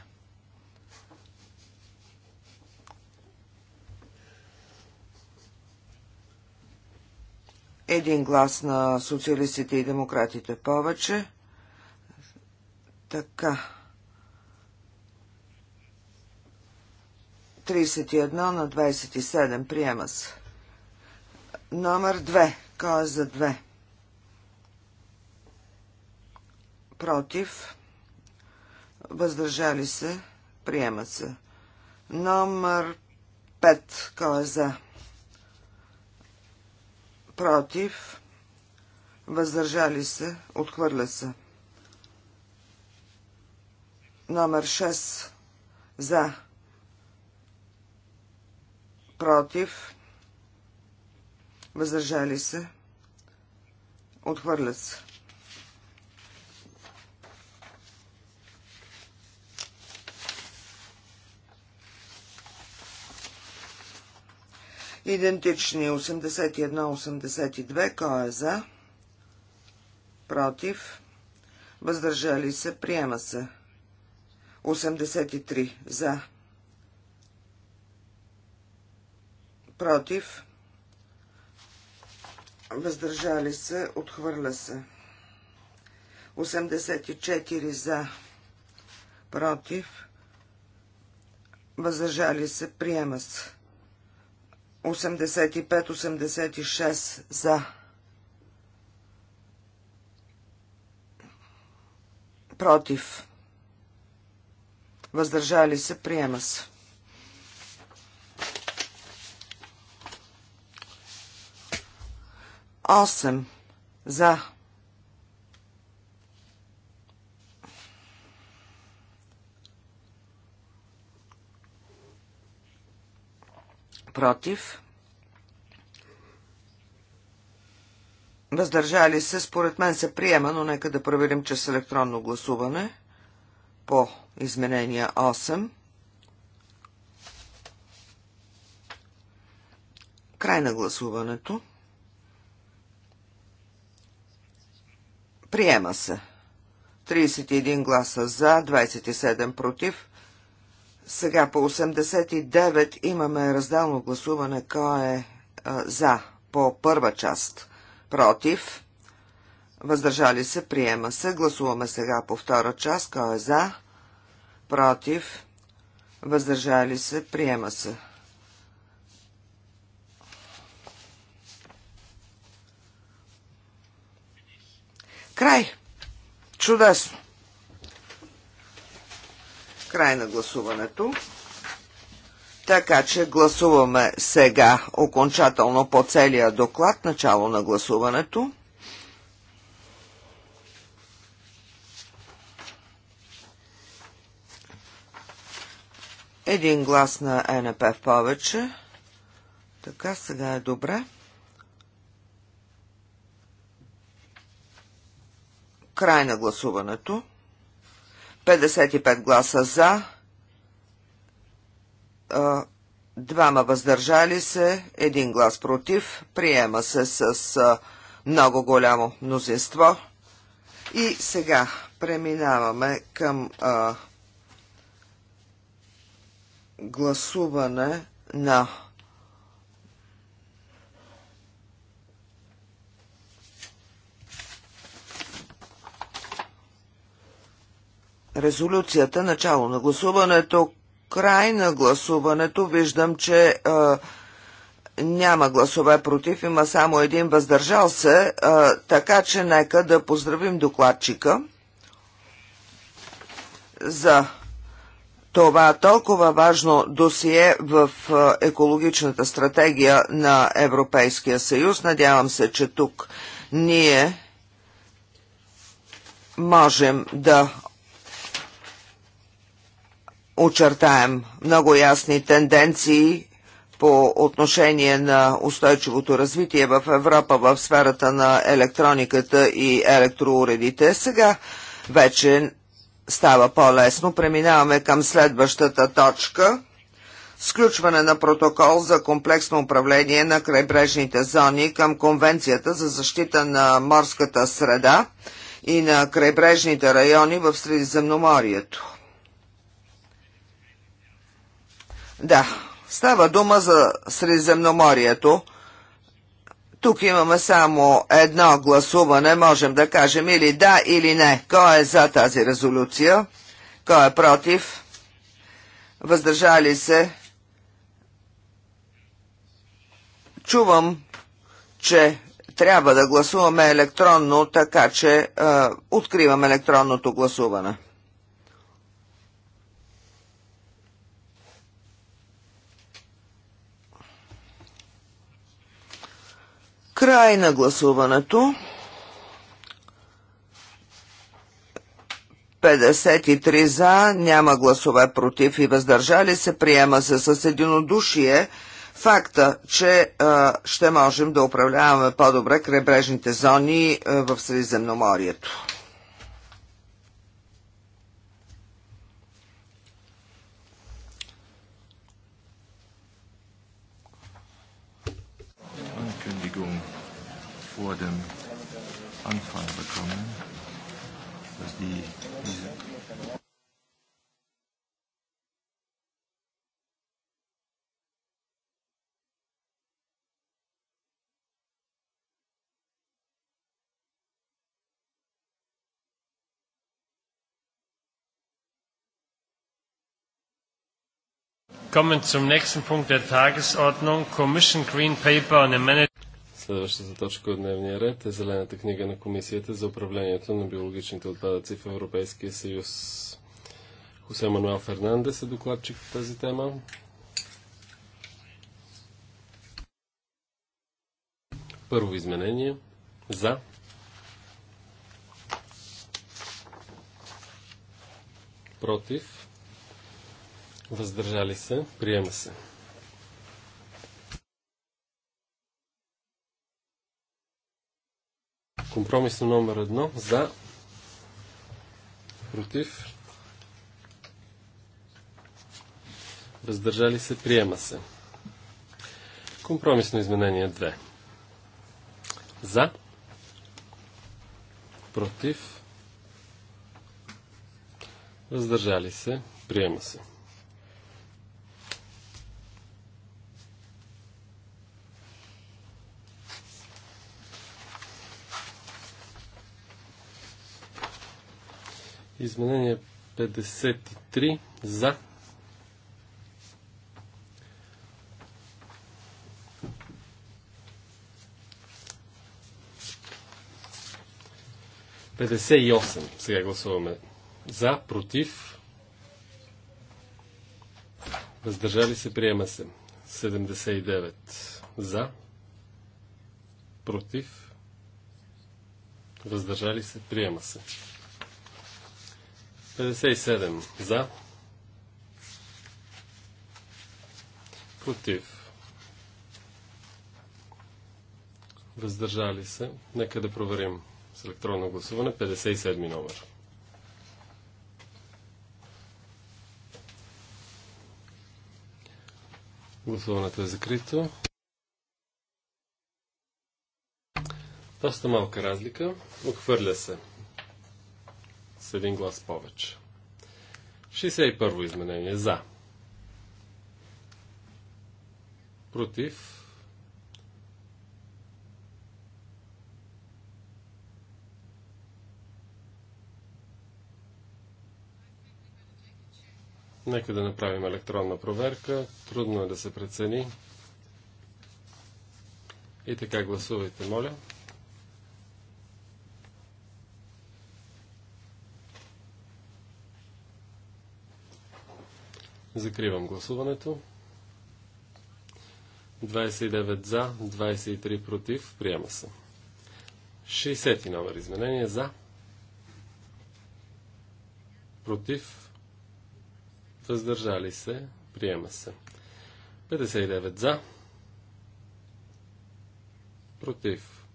Един глас на социалистите и демократите повече. Така. 31 на 27. Приема се. Номер 2. Кой е за 2? Против. Въздържали се. Приема се. Номер 5. Кой е за? Против. Въздържали се. Отхвърля се. Номер 6. За против, въздържали се, отхвърлят се. Идентични 81-82, кой е за? Против, въздържали се, приема се. 83 за против, въздържали се, отхвърля се. 84 за, против, въздържали се, приема се. 85-86 за, против, въздържали се, приема се. 8 за. Против. Въздържали се, според мен се приема, но нека да проверим, че с електронно гласуване по изменения 8. Край на гласуването. Приема се. 31 гласа за, 27 против. Сега по 89 имаме разделно гласуване. Кой е а, за по първа част? Против. Въздържали се. Приема се. Гласуваме сега по втора част. Кой е за? Против. Въздържали се. Приема се. Край. Чудесно. Край на гласуването. Така че гласуваме сега окончателно по целия доклад, начало на гласуването. Един глас на НП в повече. Така, сега е добре. Край на гласуването. 55 гласа за, двама въздържали се, един глас против. Приема се с много голямо мнозинство. И сега преминаваме към а, гласуване на резолюцията, начало на гласуването, край на гласуването, виждам, че а, няма гласове против, има само един въздържал се, а, така че нека да поздравим докладчика за това толкова важно досие в екологичната стратегия на Европейския съюз. Надявам се, че тук ние можем да очертаем много ясни тенденции по отношение на устойчивото развитие в Европа в сферата на електрониката и електроуредите. Сега вече става по-лесно. Преминаваме към следващата точка. Сключване на протокол за комплексно управление на крайбрежните зони към Конвенцията за защита на морската среда и на крайбрежните райони в Средиземноморието. Да, става дума за Средиземноморието. Тук имаме само едно гласуване, можем да кажем или да, или не. Кой е за тази резолюция? Кой е против? Въздържали се? Чувам, че трябва да гласуваме електронно, така че е, откривам електронното гласуване. Край на гласуването. 53 за, няма гласове против и въздържали се, приема се с единодушие факта, че а, ще можем да управляваме по-добре крайбрежните зони а, в Средиземноморието. kommen zum nächsten Punkt der Tagesordnung. Commission Green Paper on the Management. Следващата точка от дневния ред е Зелената книга на Комисията за управлението на биологичните отпадъци в Европейския съюз. Хосе Мануел Фернандес е докладчик по тази тема. Първо изменение. За. Против. Въздържали се. Приема се. Компромис номер едно. За. Против. Въздържали се. Приема се. Компромисно изменение 2. За. Против. Въздържали се. Приема се. Изменение 53 за. Петдесет Сега гласуваме за, против, въздържали се, приема се. 79 за, против, въздържали се, приема се. 57 за. Против. Въздържали се. Нека да проверим с електронно гласуване. 57 номер. Гласуването е закрито. Доста малка разлика. Отхвърля се с един глас повече. 61 изменение за. Против. Нека да направим електронна проверка. Трудно е да се прецени. И така гласувайте, моля. Закривам гласуването. 29 за, 23 против. Приема се. 60 номер изменение за. Против. Въздържали се. Приема се. 59 за. Против.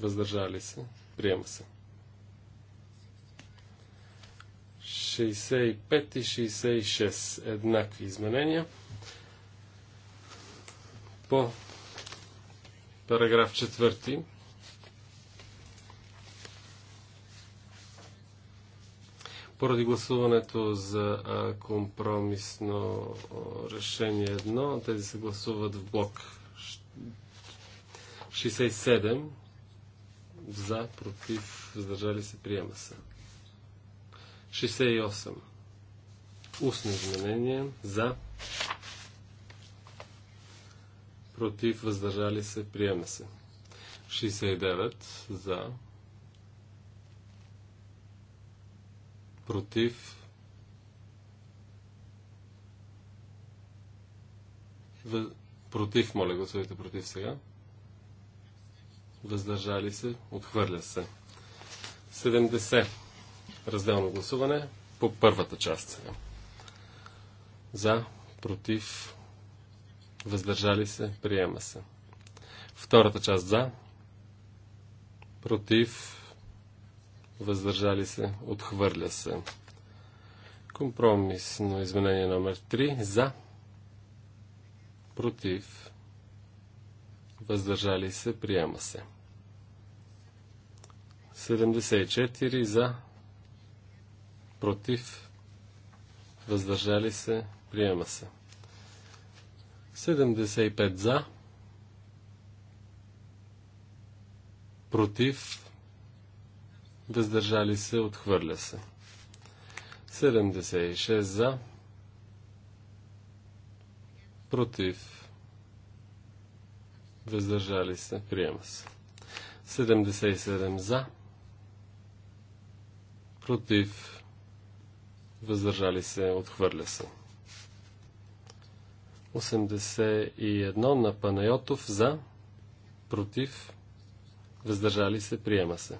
Въздържали се. Приема се. 65 и 66 еднакви изменения. По параграф 4 поради гласуването за компромисно решение 1, тези се гласуват в блок 67 за, против, въздържали се, приема се. 68. Устно изменение за против, въздържали се, приема се. 69 за против, в... против, моля гласовете против сега. Въздържали се, отхвърля се. 70 Разделно гласуване по първата част. За, против, въздържали се, приема се. Втората част за, против, въздържали се, отхвърля се. Компромисно изменение номер 3 за, против, въздържали се, приема се. 74 за, против, въздържали се, приема се. 75 за, против, въздържали се, отхвърля се. 76 за, против, въздържали се, приема се. 77 за, против, въздържали се, отхвърля се. 81 на Панайотов за, против, въздържали се, приема се.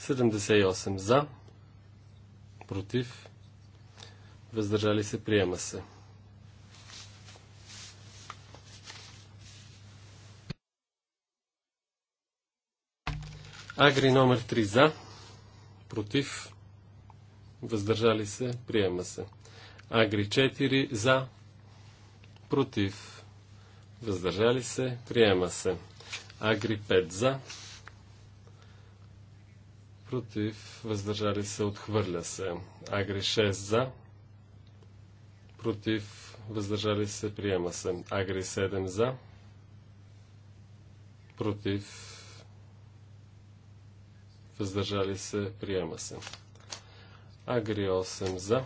78 за, против, въздържали се, приема се. Агри номер 3 за, против, въздържали се, приема се. Агри 4 за, против, въздържали се, приема се. Агри 5 за, против, въздържали се, отхвърля се. Агри 6 за, против, въздържали се, приема се. Агри 7 за, против, въздържали се, приема се. Агри 8 за.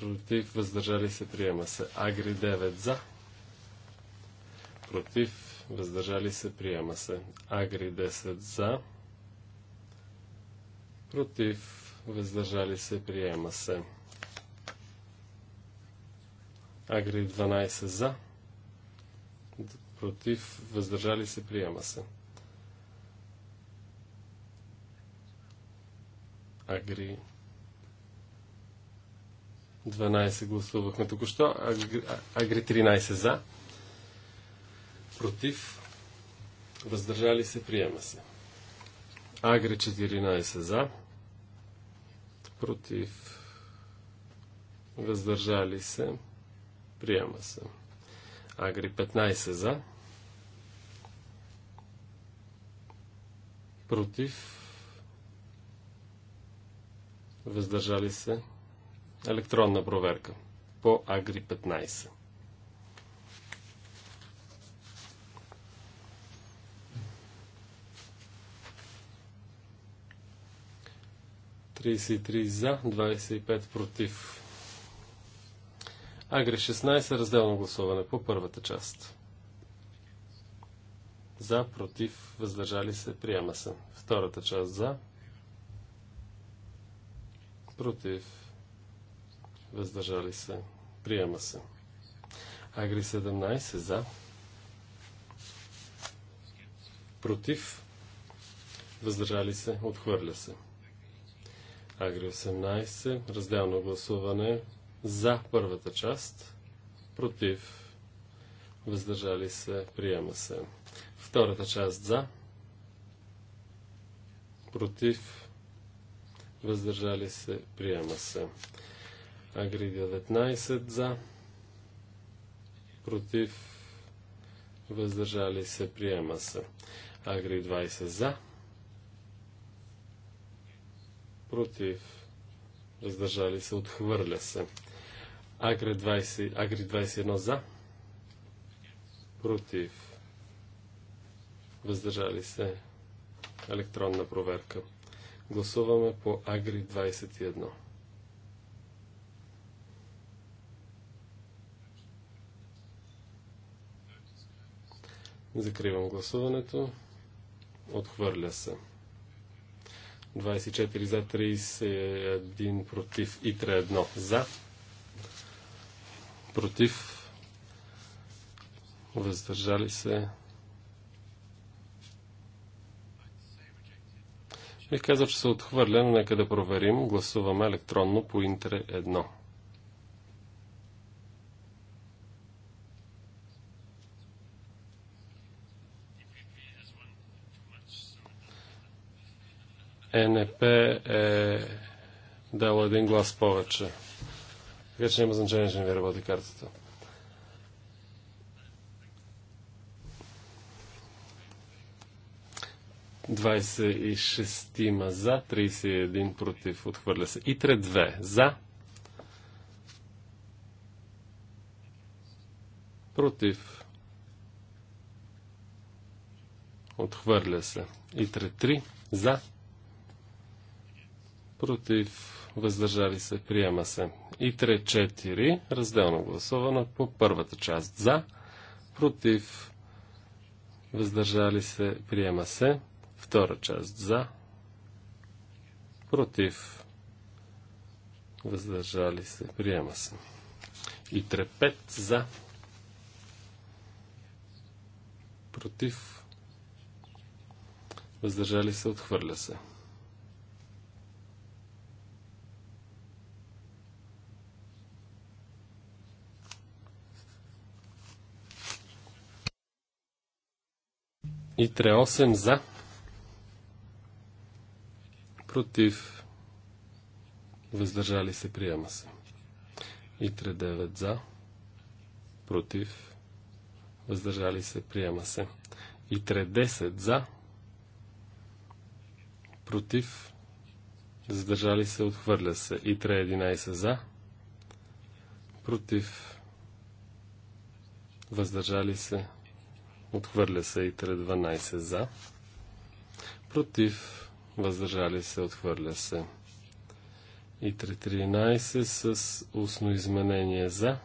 Против, въздържали се, приема се. Агри 9 за. Против, въздържали се, приема се. Агри 10 за. Против, въздържали се, приема се. Агри 12 за. Против, въздържали се, приема се. Агри 12 гласувахме току-що. Агри, агри 13 за. Против. Въздържали се. Приема се. Агри 14 за. Против. Въздържали се. Приема се. Агри 15 за. Против въздържали се, електронна проверка по Агри 15. за, 25 против. Агри 16, разделно гласуване по първата част. За, против, въздържали се, приема се. Втората част за, против, въздържали се, приема се. Агри 17 за, против, въздържали се, отхвърля се. Агри 18, разделно гласуване за първата част, против, въздържали се, приема се. Втората част за, против, въздържали се, приема се. Агри 19 за, против, въздържали се, приема се. Агри 20 за, против, въздържали се, отхвърля се. Агри 20, Агри 21 за, против, въздържали се, електронна проверка. Гласуваме по Агри 21. Закривам гласуването. Отхвърля се. 24 за 31 против и 3 1 за. Против. Въздържали се. Бих казал, че се отхвърля, но нека да проверим. Гласуваме електронно по Интер 1. НП е, е дал един глас повече. Така че няма значение, че не ви работи картата. 26 за, 31 против, отхвърля се. Итре 2 за, против, отхвърля се. Итре 3 за, против, въздържали се, приема се. Итре 4, разделно гласувано по първата част за, против, въздържали се, приема се. Втора част за. Против. Въздържали се. Приема се. И трепет за. Против. Въздържали се. Отхвърля се. И 3-8 за против, въздържали се, приема се. И 39 за, против, въздържали се, приема се. И 310 за, против, въздържали се, отхвърля се. И 311 за, против, въздържали се, отхвърля се. И 312 за, против, въздържали се, отхвърля се. И 3.13 с устно изменение за,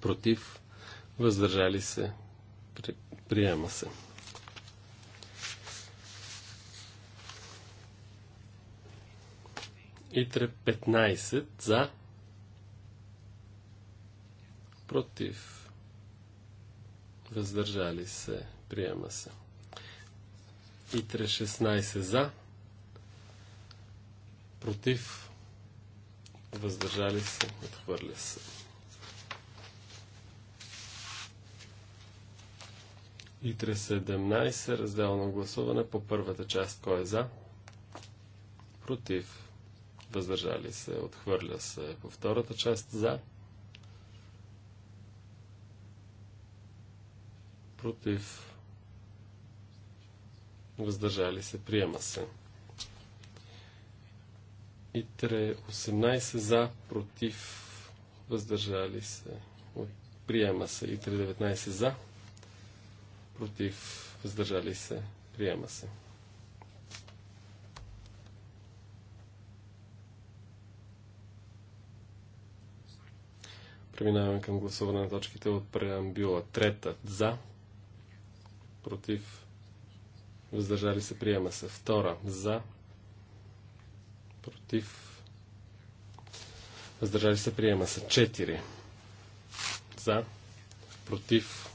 против, въздържали се, приема се. Итре 15 за, против, въздържали се, приема се. Итре 16 за. Против. Въздържали се. Отхвърля се. Итре 17. Разделно гласуване по първата част. Кой е за? Против. Въздържали се. Отхвърля се. По втората част за. Против въздържали се, приема се. И 18 за, против, въздържали се, приема се. И 19 за, против, въздържали се, приема се. Преминаваме към гласуване на точките от преамбюла. Трета за, против, въздържали се, приема се. Втора, за, против, въздържали се, приема се. Четири, за, против,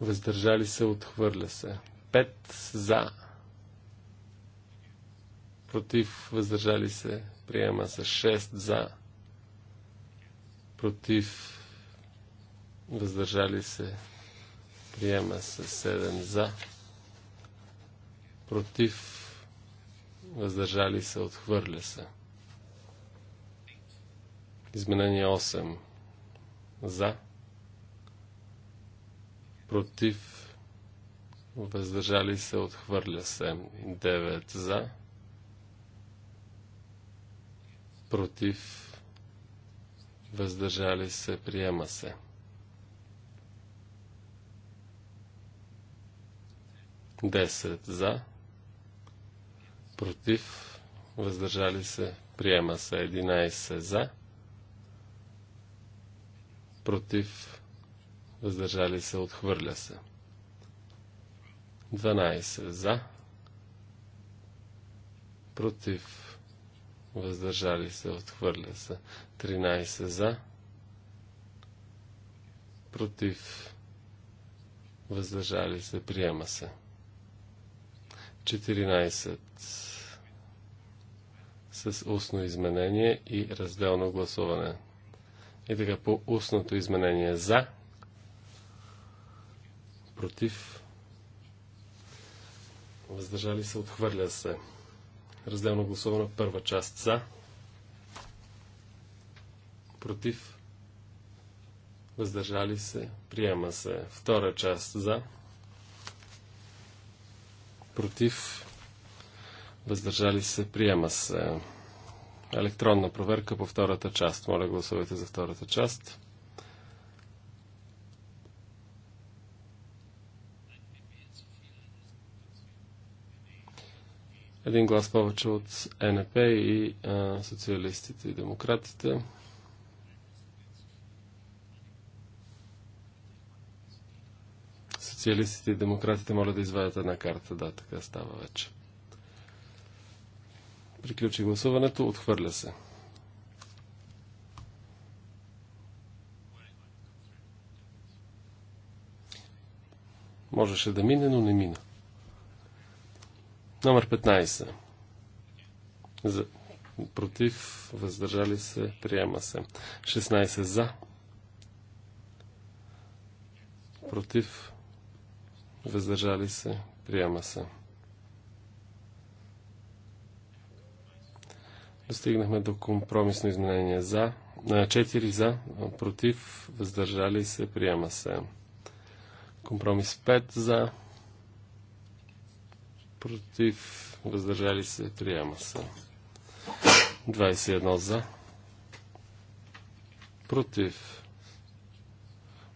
въздържали се, отхвърля се. Пет, за, против, въздържали се, приема се. Шест, за, против, въздържали се, Приема се 7 за. Против. Въздържали се. Отхвърля се. Изменение 8. За. Против. Въздържали се. Отхвърля се. 9 за. Против. Въздържали се. Приема се. 10 за, против, въздържали се, приема се 11 за, против, въздържали се, отхвърля се. 12 за, против, въздържали се, отхвърля се. 13 за, против, въздържали се, приема се. 14 с устно изменение и разделно гласуване. И така по устното изменение за, против, въздържали се, отхвърля се. Разделно гласуване първа част за, против, въздържали се, приема се. Втора част за, против, въздържали се, приема се. Електронна проверка по втората част. Моля, гласувайте за втората част. Един глас повече от НП и а, социалистите и демократите. социалистите и демократите могат да извадят една карта. Да, така става вече. Приключи гласуването. Отхвърля се. Можеше да мине, но не мина. Номер 15. За... Против, въздържали се, приема се. 16 за. Против, въздържали се, приема се. Достигнахме до компромисно изменение за, 4 за, против, въздържали се, приема се. Компромис 5 за, против, въздържали се, приема се. 21 за, против,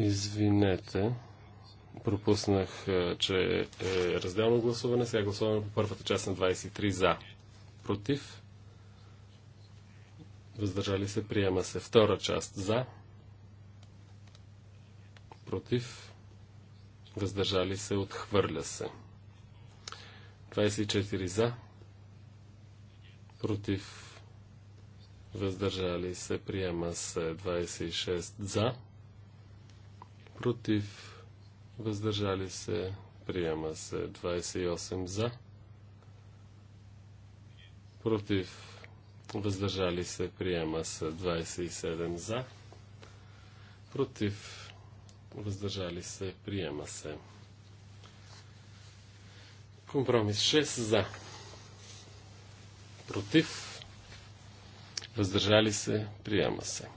Извинете, пропуснах, е, че е разделно гласуване. Сега гласуваме по първата част на 23 за. Против. Въздържали се, приема се. Втора част за. Против. Въздържали се, отхвърля се. 24 за. Против. Въздържали се, приема се. 26 за против, въздържали се, приема се 28 за, против, въздържали се, приема се 27 за, против, въздържали се, приема се. Компромис 6 за, против, въздържали се, приема се.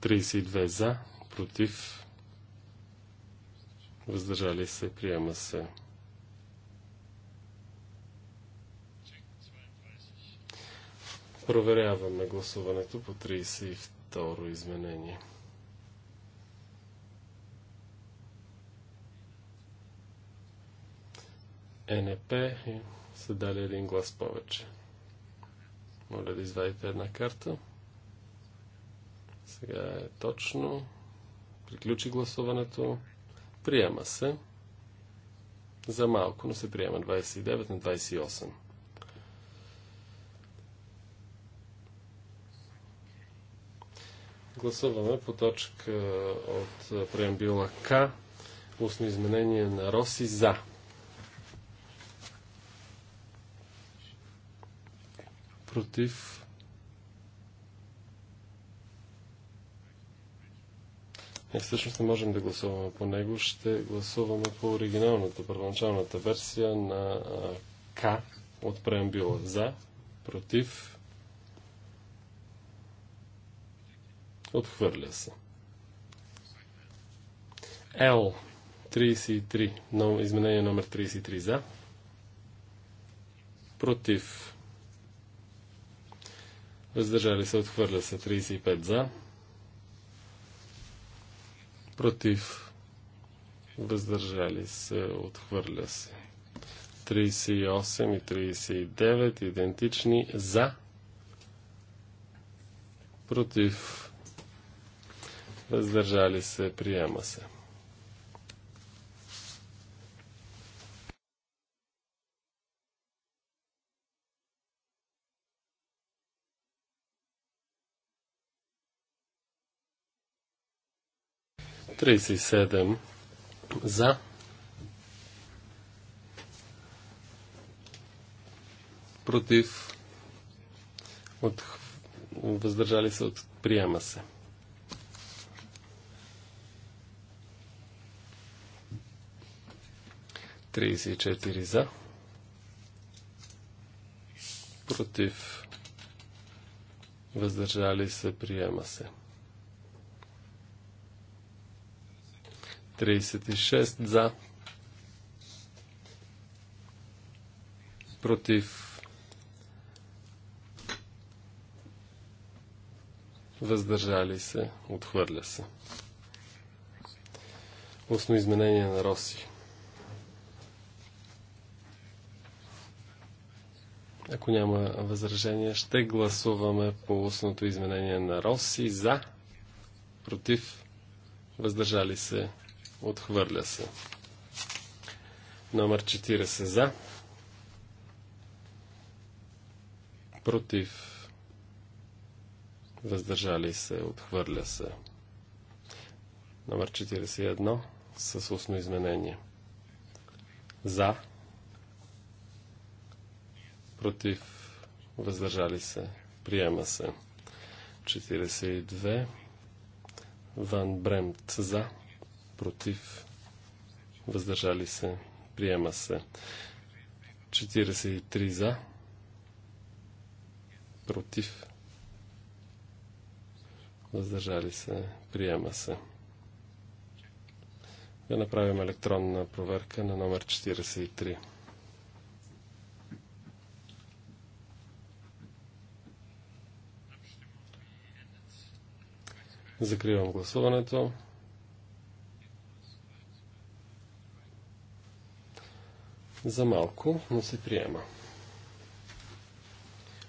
32 за, против, въздържали се, приема се. Проверяваме гласуването по 32 изменение. НП са дали един глас повече. Моля да извадите една карта. Сега е точно. Приключи гласуването. Приема се. За малко, но се приема 29 на 28. Гласуваме по точка от преамбила К. Устно изменение на Роси за. Против Ние всъщност не можем да гласуваме по него. Ще гласуваме по оригиналната, първоначалната версия на К от преамбюла. За, против, отхвърля се. Л. 33. Но, изменение номер 33 за. Против. Въздържали се, отхвърля се 35 за против, въздържали се, отхвърля се. 38 и 39 идентични за, против, въздържали се, приема се. 37 за. Против. От, въздържали се от приема се. Тридесет за. Против. Въздържали се. Приема се. 36 за, против, въздържали се, отхвърля се. Осно изменение на Роси. Ако няма възражение, ще гласуваме по устното изменение на Роси за, против, въздържали се, Отхвърля се. Номер 40 за. Против. Въздържали се. Отхвърля се. Номер 41 с устно изменение. За. Против. Въздържали се. Приема се. 42. Ван Бремт за против, въздържали се, приема се. 43 за, против, въздържали се, приема се. Да направим електронна проверка на номер 43. Закривам гласуването. За малко, но се приема.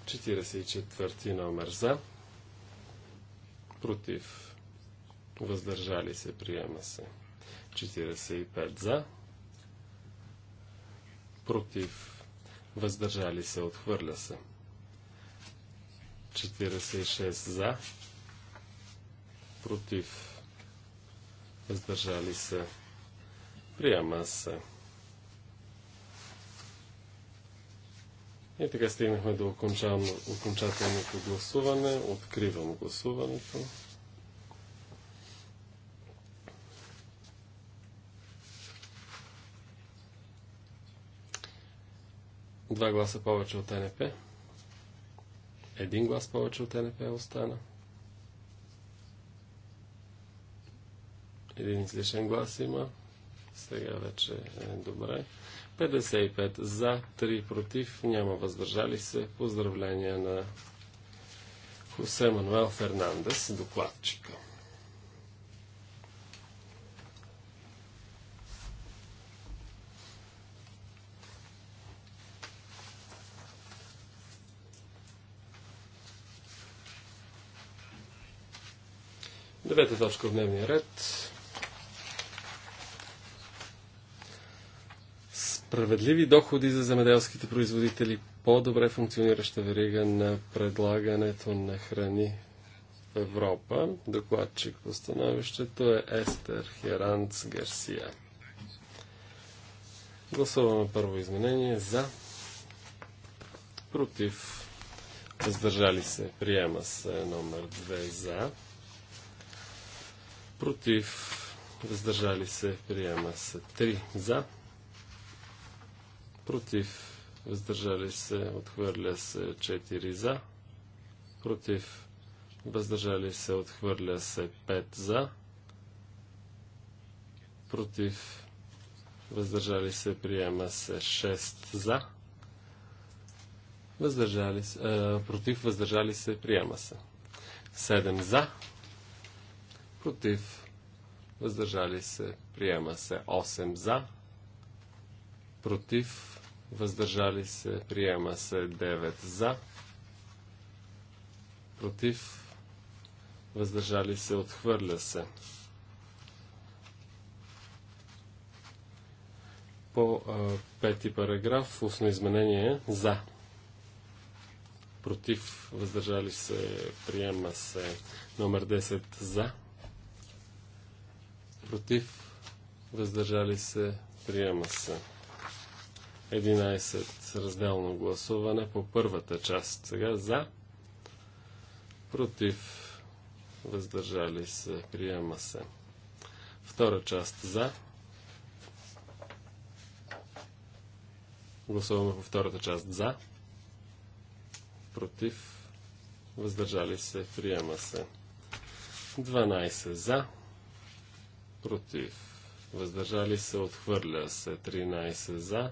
44 номер за. Против. Въздържали се. Приема се. 45 за. Против. Въздържали се. Отхвърля се. 46 за. Против. Въздържали се. Приема се. И така стигнахме до окончателното гласуване. Откривам гласуването. Два гласа повече от НП. Един глас повече от НП остана. Един излишен глас има. Сега вече е добре. 55 за, 3 против, няма въздържали се. Поздравления на Хосе Мануел Фернандес, докладчика. Девета точка в дневния ред. справедливи доходи за земеделските производители, по-добре функционираща верига на предлагането на храни в Европа. Докладчик по становището е Естер Херанц Гарсия. Гласуваме първо изменение за против въздържали се приема се номер 2 за против въздържали се приема се 3 за против, въздържали се, отхвърля се 4 за, против, въздържали се, отхвърля се 5 за, против, въздържали се, приема се 6 за, въздържали се, э, против, въздържали се, приема се 7 за, против, въздържали се, приема се 8 за, против, въздържали се, приема се 9 за, против, въздържали се, отхвърля се. По а, пети параграф, устно изменение за, против, въздържали се, приема се номер 10 за, против, въздържали се, приема се. 11 разделно гласуване по първата част. Сега за, против, въздържали се, приема се. Втора част за. Гласуваме по втората част за. Против, въздържали се, приема се. 12 за, против, въздържали се, отхвърля се, 13 за,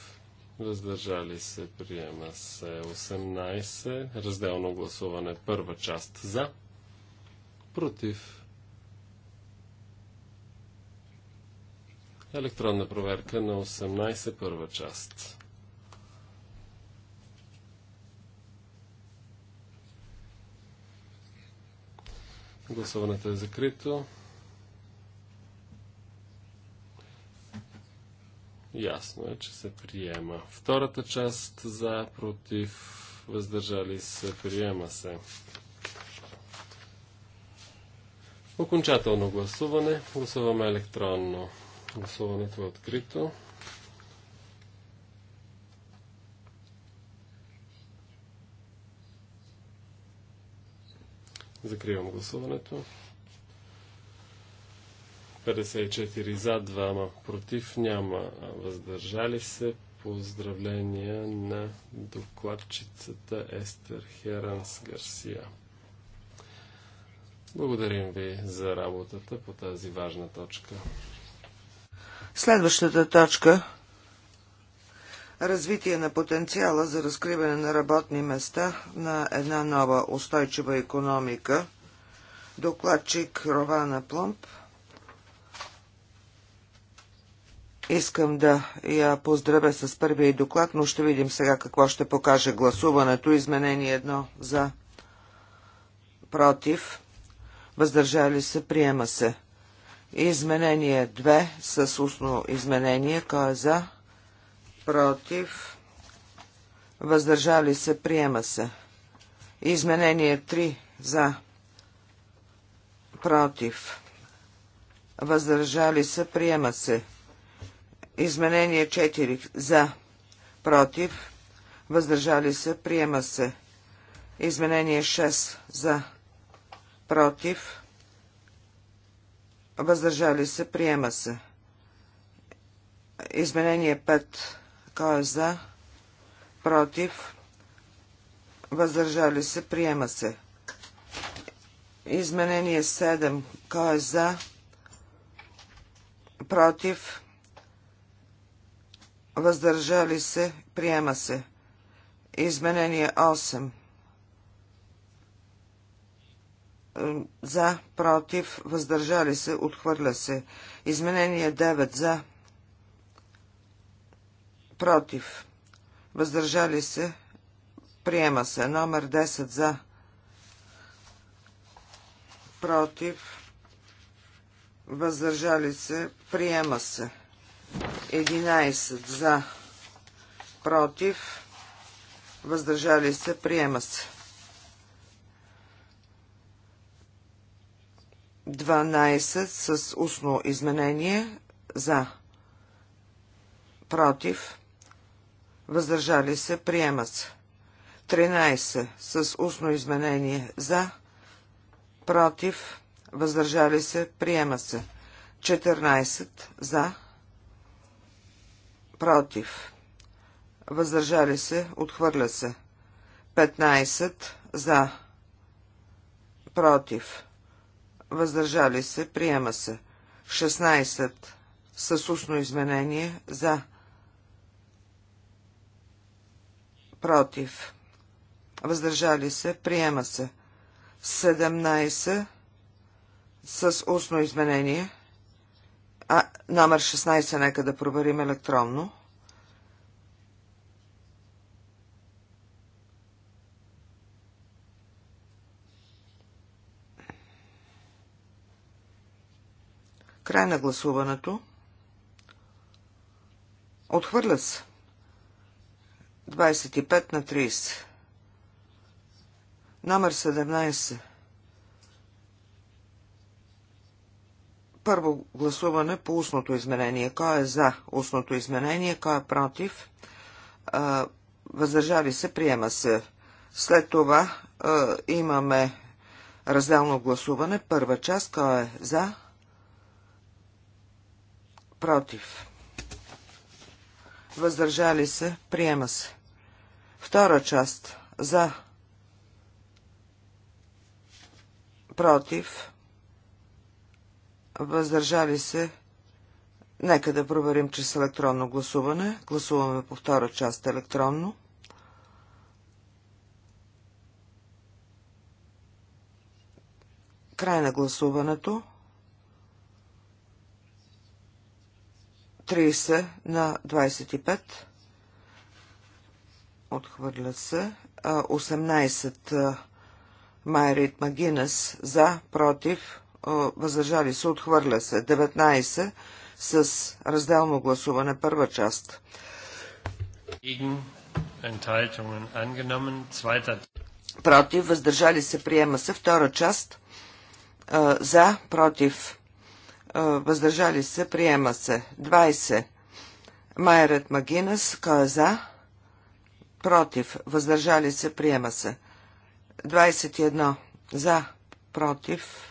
Въздържали се. Приема се 18. Разделно гласуване. Първа част за. Против. Електронна проверка на 18. Първа част. Гласуването е закрито. Ясно е, че се приема. Втората част за, против, въздържали се, приема се. Окончателно гласуване. Гласуваме електронно. Гласуването е открито. Закривам гласуването. 54 за, 2 против, няма въздържали се. Поздравления на докладчицата Естер Херанс Гарсия. Благодарим ви за работата по тази важна точка. Следващата точка развитие на потенциала за разкриване на работни места на една нова устойчива економика. Докладчик Рована Пломп – Искам да я поздравя с първия и доклад, но ще видим сега какво ще покаже гласуването. Изменение едно за против. Въздържали се, приема се. Изменение 2 с устно изменение. Кой е за? Против. Въздържали се, приема се. Изменение 3 за. Против. Въздържали се, приема се. Изменение 4 за, против, въздържали се, приема се. Изменение 6 за, против, въздържали се, приема се. Изменение 5, кой е за, против, въздържали се, приема се. Изменение 7, кой е за, против, въздържали се, приема се. Изменение 8. За, против, въздържали се, отхвърля се. Изменение 9. За, против, въздържали се, приема се. Номер 10. За, против, въздържали се, приема се. 11 за, против, въздържали се, приема се. 12 с устно изменение за, против, въздържали се, приема се. 13 с устно изменение за, против, въздържали се, приема се. 14 за, против, въздържали се, отхвърля се. 15 за, против, въздържали се, приема се. 16 с устно изменение за, против, въздържали се, приема се. 17 с устно изменение а, номер 16, нека да проверим електронно. Край на гласуването. Отхвърля се. 25 на 30. Номер 17. Първо гласуване по устното изменение. Кой е за устното изменение, кой е против? А, въздържали се, приема се. След това а, имаме разделно гласуване. Първа част, кой е за? Против. Въздържали се, приема се. Втора част, за? Против въздържали се. Нека да проверим чрез електронно гласуване. Гласуваме по втора част електронно. Край на гласуването. 30 на 25. Отхвърля се. 18 Майрит Магинес за, против, въздържали се, отхвърля се. 19 с разделно гласуване, първа част. Против, въздържали се, приема се, втора част. За, против, въздържали се, приема се. 20. Майерът Магинес, кой е за? Против, въздържали се, приема се. 21. За, против,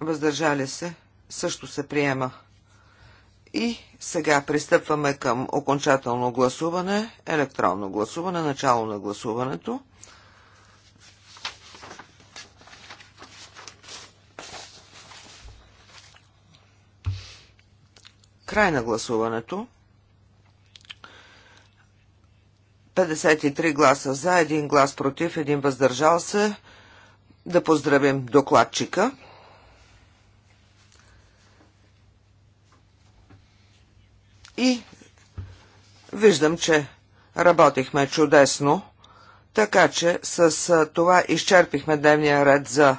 въздържали се, също се приема. И сега пристъпваме към окончателно гласуване, електронно гласуване, начало на гласуването. Край на гласуването. 53 гласа за, 1 глас против, 1 въздържал се. Да поздравим докладчика. и виждам, че работихме чудесно, така че с това изчерпихме дневния ред за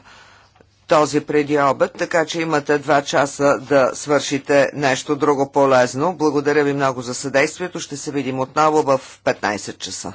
този преди обед, така че имате два часа да свършите нещо друго полезно. Благодаря ви много за съдействието. Ще се видим отново в 15 часа.